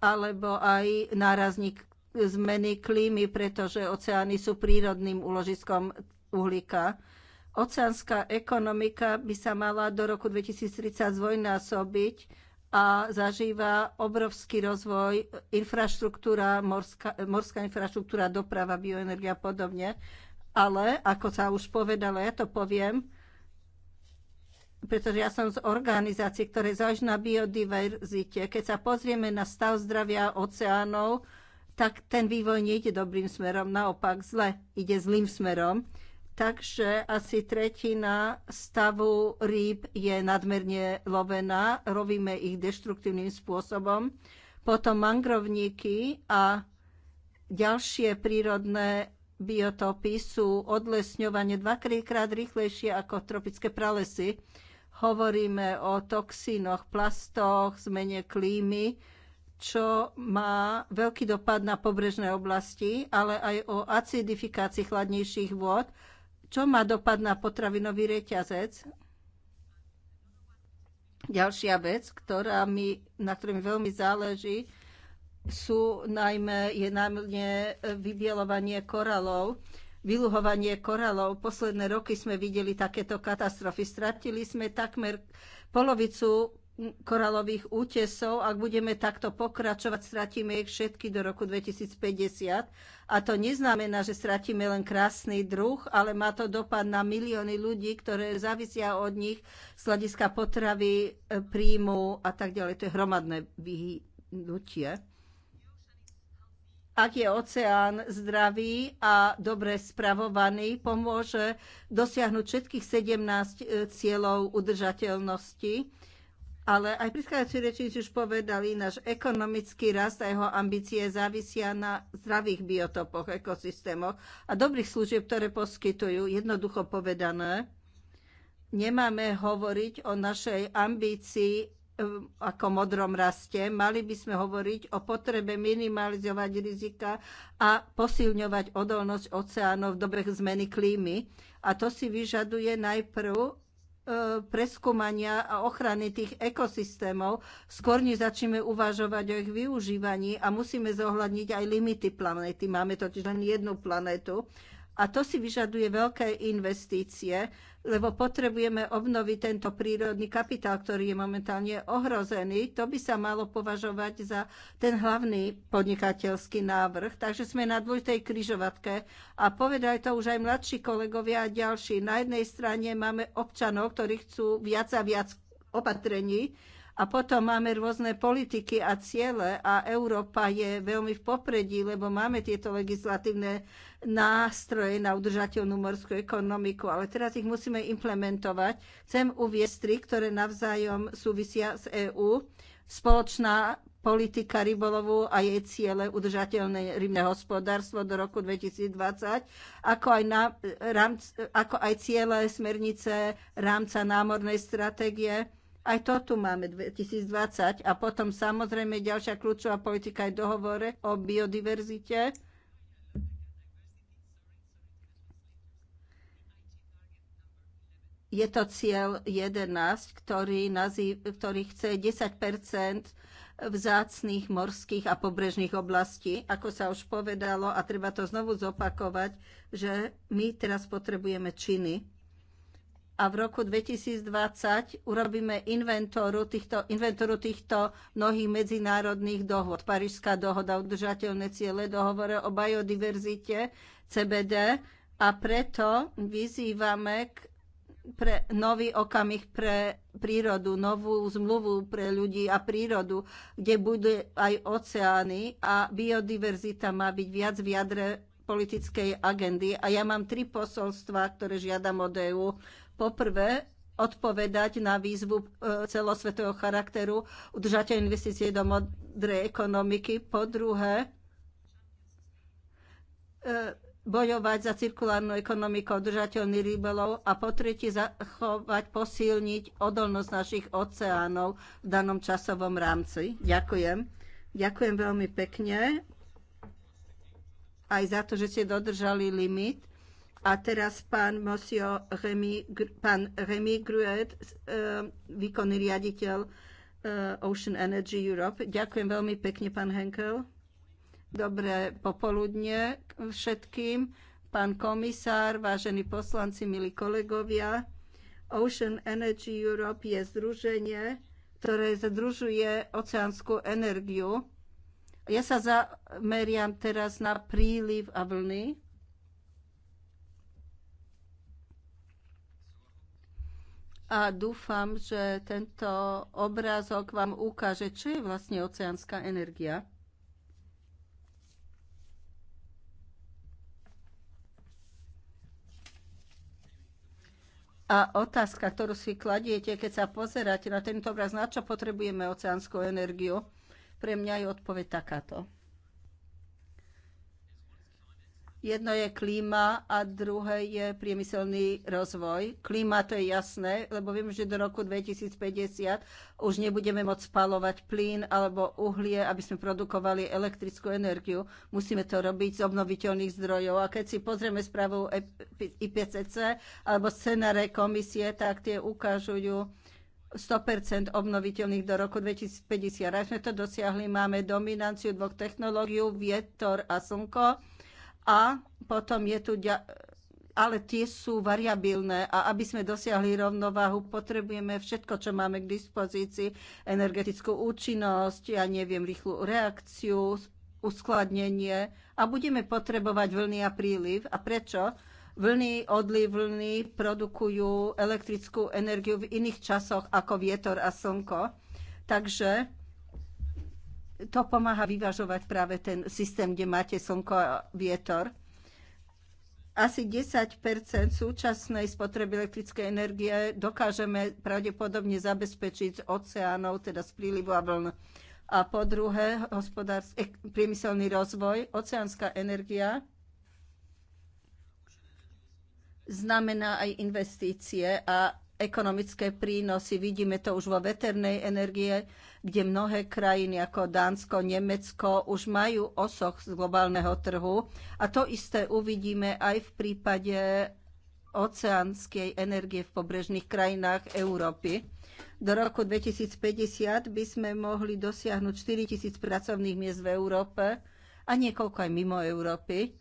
alebo aj nárazník zmeny klímy, pretože oceány sú prírodným úložiskom uhlíka. Oceánska ekonomika by sa mala do roku 2030 zvojnásobiť a zažíva obrovský rozvoj infraštruktúra, morská, morská infraštruktúra, doprava, bioenergia a podobne. Ale, ako sa už povedalo, ja to poviem, pretože ja som z organizácie, ktoré záleží na biodiverzite. Keď sa pozrieme na stav zdravia oceánov, tak ten vývoj nejde dobrým smerom, naopak zle, ide zlým smerom. Takže asi tretina stavu rýb je nadmerne lovená, robíme ich deštruktívnym spôsobom. Potom mangrovníky a ďalšie prírodné biotopy sú odlesňovanie dvakrýkrát rýchlejšie ako tropické pralesy. Hovoríme o toxínoch, plastoch, zmene klímy, čo má veľký dopad na pobrežné oblasti, ale aj o acidifikácii chladnejších vôd, čo má dopad na potravinový reťazec. Ďalšia vec, ktorá mi, na ktorej mi veľmi záleží, sú najmä, je najmä vybielovanie koralov, vyluhovanie koralov. Posledné roky sme videli takéto katastrofy. Stratili sme takmer polovicu koralových útesov. Ak budeme takto pokračovať, stratíme ich všetky do roku 2050. A to neznamená, že stratíme len krásny druh, ale má to dopad na milióny ľudí, ktoré závisia od nich z hľadiska potravy, e, príjmu a tak ďalej. To je hromadné vyhnutie. Ak je oceán zdravý a dobre spravovaný, pomôže dosiahnuť všetkých 17 e, cieľov udržateľnosti ale aj predchádzajúci rečníci už povedali, náš ekonomický rast a jeho ambície závisia na zdravých biotopoch, ekosystémoch a dobrých služieb, ktoré poskytujú. Jednoducho povedané, nemáme hovoriť o našej ambícii eh, ako modrom raste. Mali by sme hovoriť o potrebe minimalizovať rizika a posilňovať odolnosť oceánov v dobe zmeny klímy. A to si vyžaduje najprv E, preskúmania a ochrany tých ekosystémov, skôr než začneme uvažovať o ich využívaní a musíme zohľadniť aj limity planéty. Máme totiž len jednu planétu a to si vyžaduje veľké investície, lebo potrebujeme obnoviť tento prírodný kapitál, ktorý je momentálne ohrozený. To by sa malo považovať za ten hlavný podnikateľský návrh. Takže sme na dvojtej kryžovatke a povedali to už aj mladší kolegovia a ďalší. Na jednej strane máme občanov, ktorí chcú viac a viac opatrení, a potom máme rôzne politiky a ciele a Európa je veľmi v popredí, lebo máme tieto legislatívne nástroje na udržateľnú morskú ekonomiku, ale teraz ich musíme implementovať. Chcem uviesť tri, ktoré navzájom súvisia s EÚ. Spoločná politika rybolovu a jej ciele udržateľné rybné hospodárstvo do roku 2020, ako aj, na, rámc, ako aj ciele smernice rámca námornej stratégie. Aj to tu máme 2020 a potom samozrejme ďalšia kľúčová politika je dohovore o biodiverzite je to cieľ 11, ktorý, nazýv, ktorý chce 10 vzácných morských a pobrežných oblastí. Ako sa už povedalo, a treba to znovu zopakovať, že my teraz potrebujeme činy. A v roku 2020 urobíme inventóru týchto, inventóru týchto mnohých medzinárodných dohod. Parížská dohoda, udržateľné ciele, dohovore o biodiverzite, CBD. A preto vyzývame k pre nový okamih pre prírodu, novú zmluvu pre ľudí a prírodu, kde budú aj oceány a biodiverzita má byť viac v jadre politickej agendy. A ja mám tri posolstva, ktoré žiadam od EU. Poprvé, odpovedať na výzvu e, celosvetového charakteru udržateľ investície do modrej ekonomiky. Po druhé, e, bojovať za cirkulárnu ekonomiku, udržateľný rybolov a po tretie zachovať, posilniť odolnosť našich oceánov v danom časovom rámci. Ďakujem. Ďakujem veľmi pekne aj za to, že ste dodržali limit. A teraz pán Mosio Remy, pán Remy Gruet, eh, výkonný riaditeľ eh, Ocean Energy Europe. Ďakujem veľmi pekne, pán Henkel. Dobré popoludne všetkým. Pán komisár, vážení poslanci, milí kolegovia, Ocean Energy Europe je združenie, ktoré združuje oceánsku energiu. Ja sa zameriam teraz na príliv a vlny. A dúfam, že tento obrázok vám ukáže, čo je vlastne oceánska energia. A otázka, ktorú si kladiete, keď sa pozeráte na tento obraz, na čo potrebujeme oceánsku energiu, pre mňa je odpoveď takáto. Jedno je klíma a druhé je priemyselný rozvoj. Klíma to je jasné, lebo viem, že do roku 2050 už nebudeme môcť spalovať plyn alebo uhlie, aby sme produkovali elektrickú energiu. Musíme to robiť z obnoviteľných zdrojov. A keď si pozrieme správu IPCC alebo scenáre komisie, tak tie ukážujú, 100% obnoviteľných do roku 2050. Až sme to dosiahli, máme dominanciu dvoch technológií, vietor a slnko a potom je tu, ale tie sú variabilné a aby sme dosiahli rovnováhu, potrebujeme všetko, čo máme k dispozícii, energetickú účinnosť, ja neviem, rýchlu reakciu, uskladnenie a budeme potrebovať vlny a príliv. A prečo? Vlny, odliv vlny produkujú elektrickú energiu v iných časoch ako vietor a slnko. Takže to pomáha vyvažovať práve ten systém, kde máte slnko a vietor. Asi 10 súčasnej spotreby elektrickej energie dokážeme pravdepodobne zabezpečiť z oceánov, teda z prílivu a vln. A po druhé, priemyselný rozvoj, oceánska energia znamená aj investície a ekonomické prínosy. Vidíme to už vo veternej energie, kde mnohé krajiny ako Dánsko, Nemecko už majú osoch z globálneho trhu. A to isté uvidíme aj v prípade oceánskej energie v pobrežných krajinách Európy. Do roku 2050 by sme mohli dosiahnuť 4 tisíc pracovných miest v Európe a niekoľko aj mimo Európy.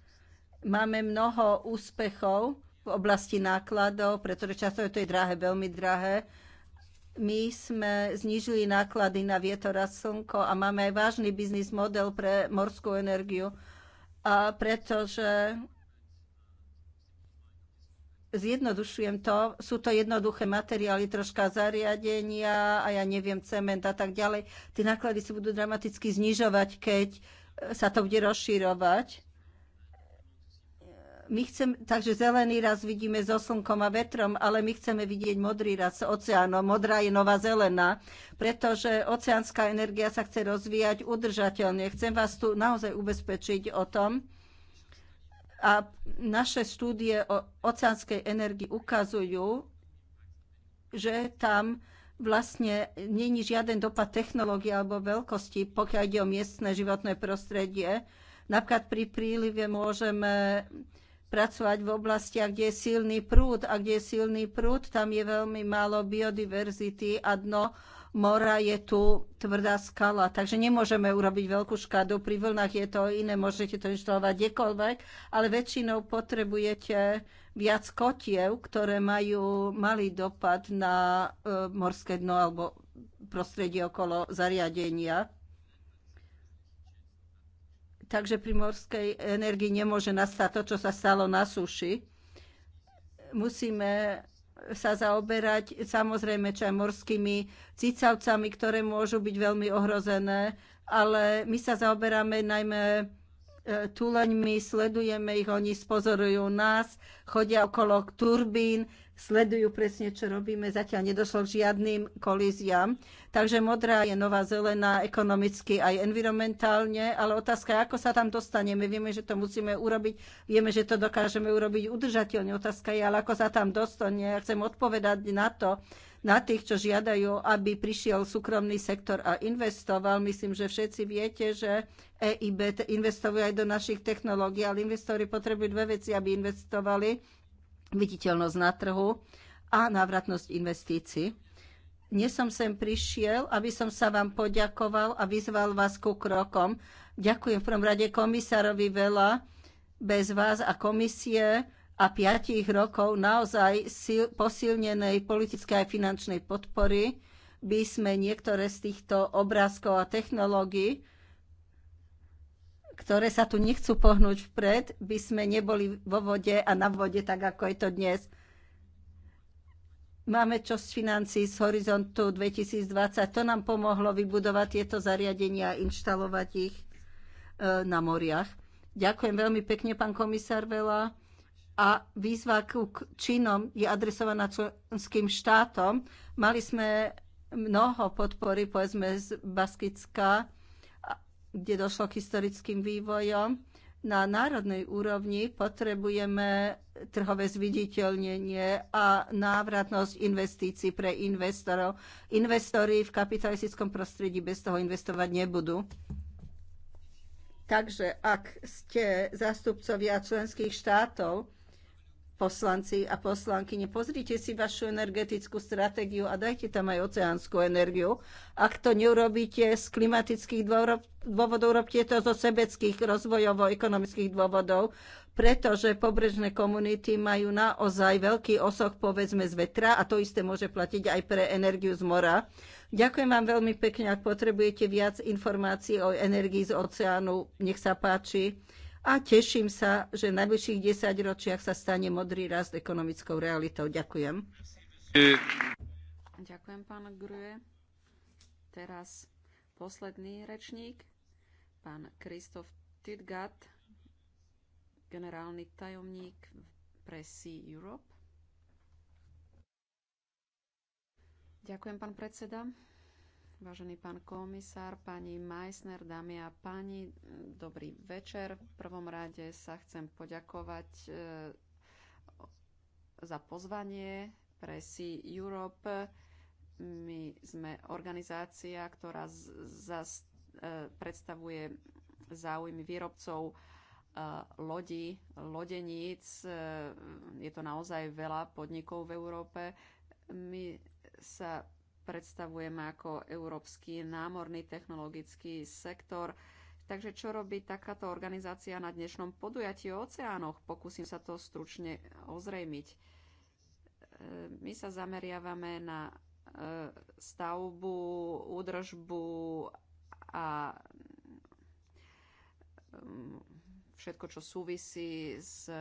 Máme mnoho úspechov v oblasti nákladov, pretože často je to drahé, veľmi drahé, my sme znižili náklady na vietor a slnko a máme aj vážny biznis model pre morskú energiu, a pretože zjednodušujem to, sú to jednoduché materiály, troška zariadenia a ja neviem, cement a tak ďalej. Tie náklady sa budú dramaticky znižovať, keď sa to bude rozširovať my chceme, takže zelený raz vidíme so slnkom a vetrom, ale my chceme vidieť modrý raz s oceánom. Modrá je nová zelená, pretože oceánska energia sa chce rozvíjať udržateľne. Chcem vás tu naozaj ubezpečiť o tom. A naše štúdie o oceánskej energii ukazujú, že tam vlastne není žiaden dopad technológie alebo veľkosti, pokiaľ ide o miestne životné prostredie. Napríklad pri prílive môžeme pracovať v oblastiach, kde je silný prúd a kde je silný prúd, tam je veľmi málo biodiverzity a dno mora je tu tvrdá skala, takže nemôžeme urobiť veľkú škádu. Pri vlnách je to iné, môžete to inštalovať kdekoľvek, ale väčšinou potrebujete viac kotiev, ktoré majú malý dopad na e, morské dno alebo prostredie okolo zariadenia takže pri morskej energii nemôže nastať to, čo sa stalo na suši. Musíme sa zaoberať samozrejme čo aj morskými cicavcami, ktoré môžu byť veľmi ohrozené, ale my sa zaoberáme najmä e, tuleňmi, sledujeme ich, oni spozorujú nás, chodia okolo turbín, sledujú presne, čo robíme. Zatiaľ nedošlo k žiadnym kolíziám. Takže modrá je nová zelená ekonomicky aj environmentálne, ale otázka je, ako sa tam dostaneme. Vieme, že to musíme urobiť, vieme, že to dokážeme urobiť udržateľne. Otázka je, ale ako sa tam dostane. Ja chcem odpovedať na to, na tých, čo žiadajú, aby prišiel súkromný sektor a investoval. Myslím, že všetci viete, že EIB investuje aj do našich technológií, ale investori potrebujú dve veci, aby investovali viditeľnosť na trhu a návratnosť investícií. Dnes som sem prišiel, aby som sa vám poďakoval a vyzval vás ku krokom. Ďakujem v prvom rade komisárovi veľa. Bez vás a komisie a piatich rokov naozaj sil, posilnenej politickej a finančnej podpory by sme niektoré z týchto obrázkov a technológií ktoré sa tu nechcú pohnúť vpred, by sme neboli vo vode a na vode, tak ako je to dnes. Máme čo z financí z Horizontu 2020. To nám pomohlo vybudovať tieto zariadenia a inštalovať ich e, na moriach. Ďakujem veľmi pekne, pán komisár Vela. A výzva k činom je adresovaná členským štátom. Mali sme mnoho podpory, povedzme, z Baskická, kde došlo k historickým vývojom. Na národnej úrovni potrebujeme trhové zviditeľnenie a návratnosť investícií pre investorov. Investori v kapitalistickom prostredí bez toho investovať nebudú. Takže ak ste zástupcovia členských štátov, poslanci a poslanky, pozrite si vašu energetickú stratégiu a dajte tam aj oceánsku energiu. Ak to neurobíte z klimatických dôvodov, robte to zo sebeckých rozvojovo-ekonomických dôvodov, pretože pobrežné komunity majú naozaj veľký osoch, povedzme, z vetra a to isté môže platiť aj pre energiu z mora. Ďakujem vám veľmi pekne. Ak potrebujete viac informácií o energii z oceánu, nech sa páči a teším sa, že v najbližších 10 ročiach sa stane modrý rast ekonomickou realitou. Ďakujem. Ďakujem, pán Gruje. Teraz posledný rečník, pán Kristof Tidgat, generálny tajomník pre Sea Europe. Ďakujem, pán predseda. Vážený pán komisár, pani Meissner, dámy a páni, dobrý večer. V prvom rade sa chcem poďakovať e, za pozvanie pre Sea Europe. My sme organizácia, ktorá zas, e, predstavuje záujmy výrobcov e, lodí, lodeníc. Je to naozaj veľa podnikov v Európe. My sa predstavujeme ako európsky námorný technologický sektor. Takže čo robí takáto organizácia na dnešnom podujatí o oceánoch? Pokúsim sa to stručne ozrejmiť. E, my sa zameriavame na e, stavbu, údržbu a mm, všetko, čo súvisí s e,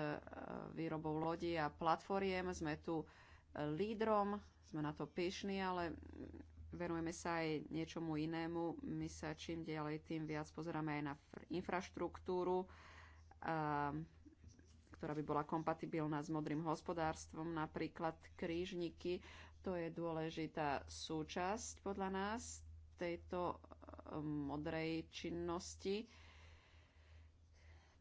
výrobou lodí a platformiem. Sme tu lídrom sme na to pyšní, ale venujeme sa aj niečomu inému. My sa čím ďalej, tým viac pozeráme aj na infraštruktúru, a, ktorá by bola kompatibilná s modrým hospodárstvom, napríklad krížniky. To je dôležitá súčasť podľa nás tejto e, modrej činnosti.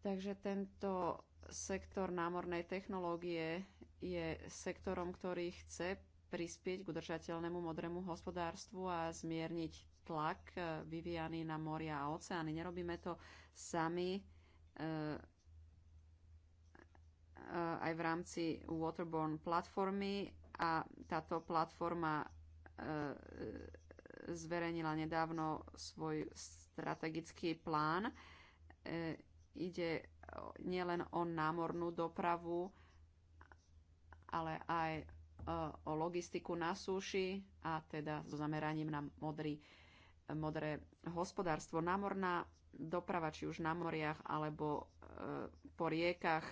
Takže tento sektor námornej technológie je sektorom, ktorý chce prispieť k udržateľnému modrému hospodárstvu a zmierniť tlak e, vyvíjaný na moria a oceány. Nerobíme to sami e, e, aj v rámci Waterborne platformy a táto platforma zverejnila nedávno svoj strategický plán. Ide nielen o námornú dopravu, ale aj o logistiku na súši a teda so zameraním na modrý, modré hospodárstvo. Námorná doprava, či už na moriach alebo e, po riekach.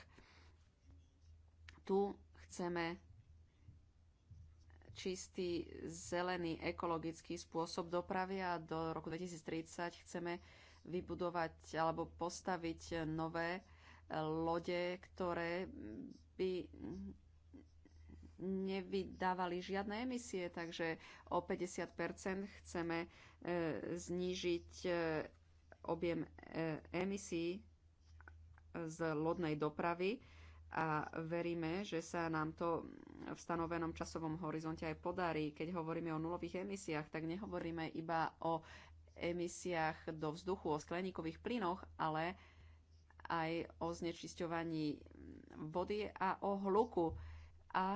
Tu chceme čistý, zelený, ekologický spôsob dopravy a do roku 2030 chceme vybudovať alebo postaviť nové e, lode, ktoré by nevydávali žiadne emisie, takže o 50 chceme e, znížiť e, objem e, emisí z lodnej dopravy a veríme, že sa nám to v stanovenom časovom horizonte aj podarí. Keď hovoríme o nulových emisiách, tak nehovoríme iba o emisiách do vzduchu, o skleníkových plynoch, ale aj o znečisťovaní vody a o hluku. A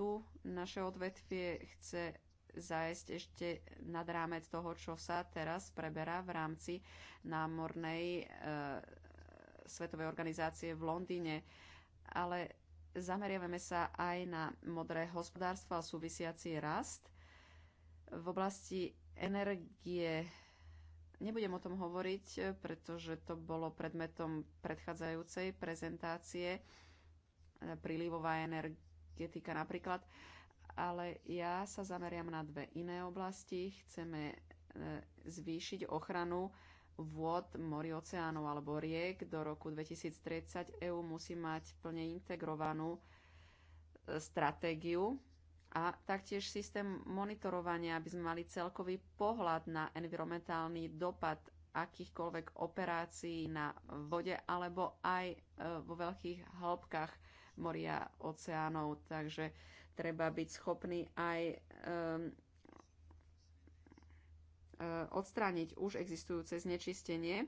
tu naše odvetvie chce zájsť ešte nad rámec toho, čo sa teraz preberá v rámci námornej e, svetovej organizácie v Londýne. Ale zameriavame sa aj na modré hospodárstvo a súvisiaci rast. V oblasti energie nebudem o tom hovoriť, pretože to bolo predmetom predchádzajúcej prezentácie prílivová energia oblasti etika napríklad, ale ja sa zameriam na dve iné oblasti. Chceme e, zvýšiť ochranu vôd, mori, oceánov alebo riek. Do roku 2030 EÚ musí mať plne integrovanú e, stratégiu a taktiež systém monitorovania, aby sme mali celkový pohľad na environmentálny dopad akýchkoľvek operácií na vode alebo aj e, vo veľkých hĺbkach moria, oceánov, takže treba byť schopný aj um, odstrániť už existujúce znečistenie,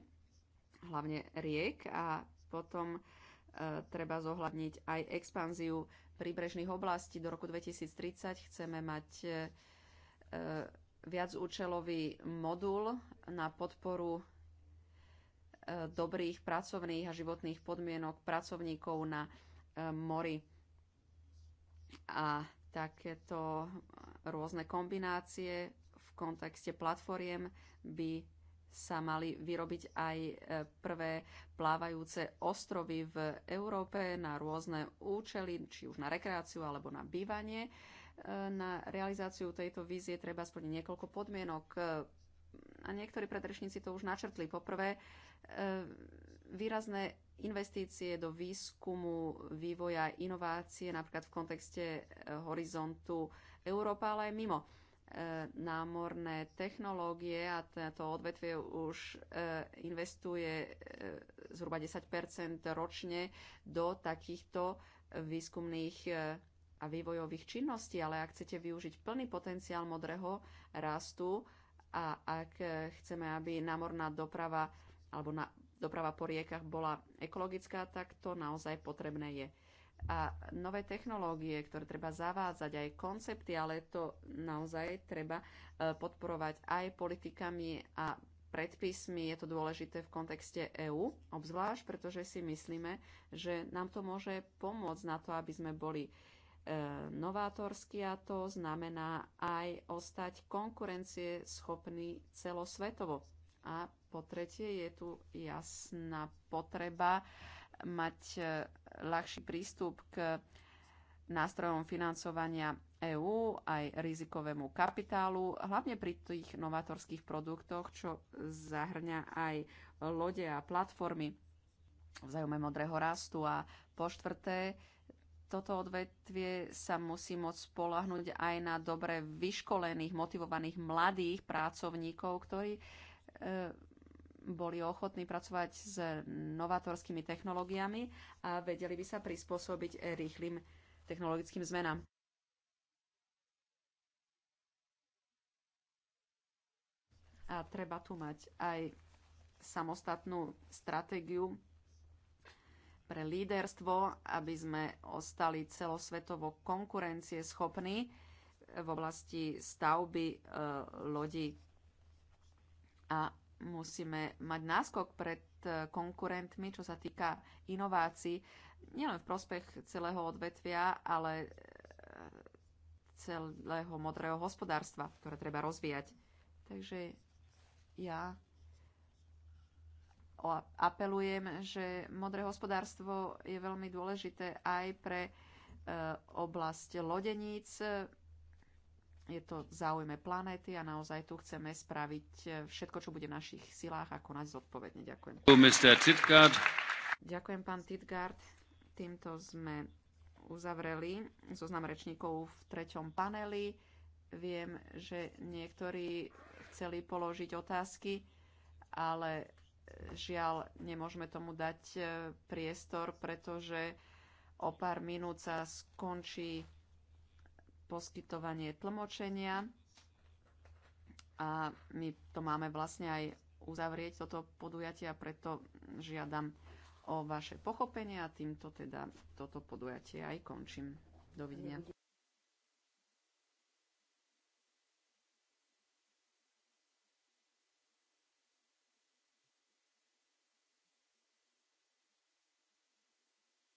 hlavne riek a potom eh, treba zohľadniť aj expanziu príbrežných oblastí. Do roku 2030 chceme mať eh, viacúčelový modul na podporu dobrých pracovných a životných podmienok pracovníkov na E, mori. A takéto rôzne kombinácie v kontexte platformiem by sa mali vyrobiť aj e, prvé plávajúce ostrovy v Európe na rôzne účely, či už na rekreáciu alebo na bývanie. E, na realizáciu tejto vízie treba splniť niekoľko podmienok. A niektorí predrečníci to už načrtli. Poprvé, výrazné investície do výskumu, vývoja, inovácie, napríklad v kontexte eh, horizontu Európa, ale aj mimo eh, námorné technológie a to odvetvie už eh, investuje zhruba 10 ročne do takýchto výskumných a vývojových činností, ale ak chcete využiť plný potenciál modrého rastu a ak chceme, aby námorná doprava alebo na, doprava po riekach bola ekologická, tak to naozaj potrebné je. A nové technológie, ktoré treba zavádzať, aj koncepty, ale to naozaj treba e, podporovať aj politikami a predpismi. Je to dôležité v kontexte EÚ, obzvlášť pretože si myslíme, že nám to môže pomôcť na to, aby sme boli e, novátorský a to znamená aj ostať konkurencie schopný celosvetovo. A po tretie, je tu jasná potreba mať e, ľahší prístup k nástrojom financovania EÚ aj rizikovému kapitálu, hlavne pri tých novatorských produktoch, čo zahrňa aj lode a platformy vzájome modrého rastu. A po štvrté, toto odvetvie sa musí môcť spolahnuť aj na dobre vyškolených, motivovaných mladých pracovníkov, ktorí e, boli ochotní pracovať s novatorskými technológiami a vedeli by sa prispôsobiť rýchlym technologickým zmenám. A treba tu mať aj samostatnú stratégiu pre líderstvo, aby sme ostali celosvetovo konkurencieschopní v oblasti stavby e, eh, lodi a musíme mať náskok pred e, konkurentmi, čo sa týka inovácií, nielen v prospech celého odvetvia, ale e, celého modrého hospodárstva, ktoré treba rozvíjať. Takže ja apelujem, že modré hospodárstvo je veľmi dôležité aj pre e, oblasť lodeníc, je to záujme planéty a naozaj tu chceme spraviť eh, všetko, čo bude v našich silách a konať zodpovedne. Ďakujem. Ďakujem, pán Titgard. Týmto sme uzavreli zoznam rečníkov v treťom paneli. Viem, že niektorí chceli položiť otázky, ale eh, žiaľ, nemôžeme tomu dať eh, priestor, pretože o pár minút sa skončí poskytovanie tlmočenia a my to máme vlastne aj uzavrieť toto podujatie a preto žiadam o vaše pochopenie a týmto teda toto podujatie aj končím. Dovidenia.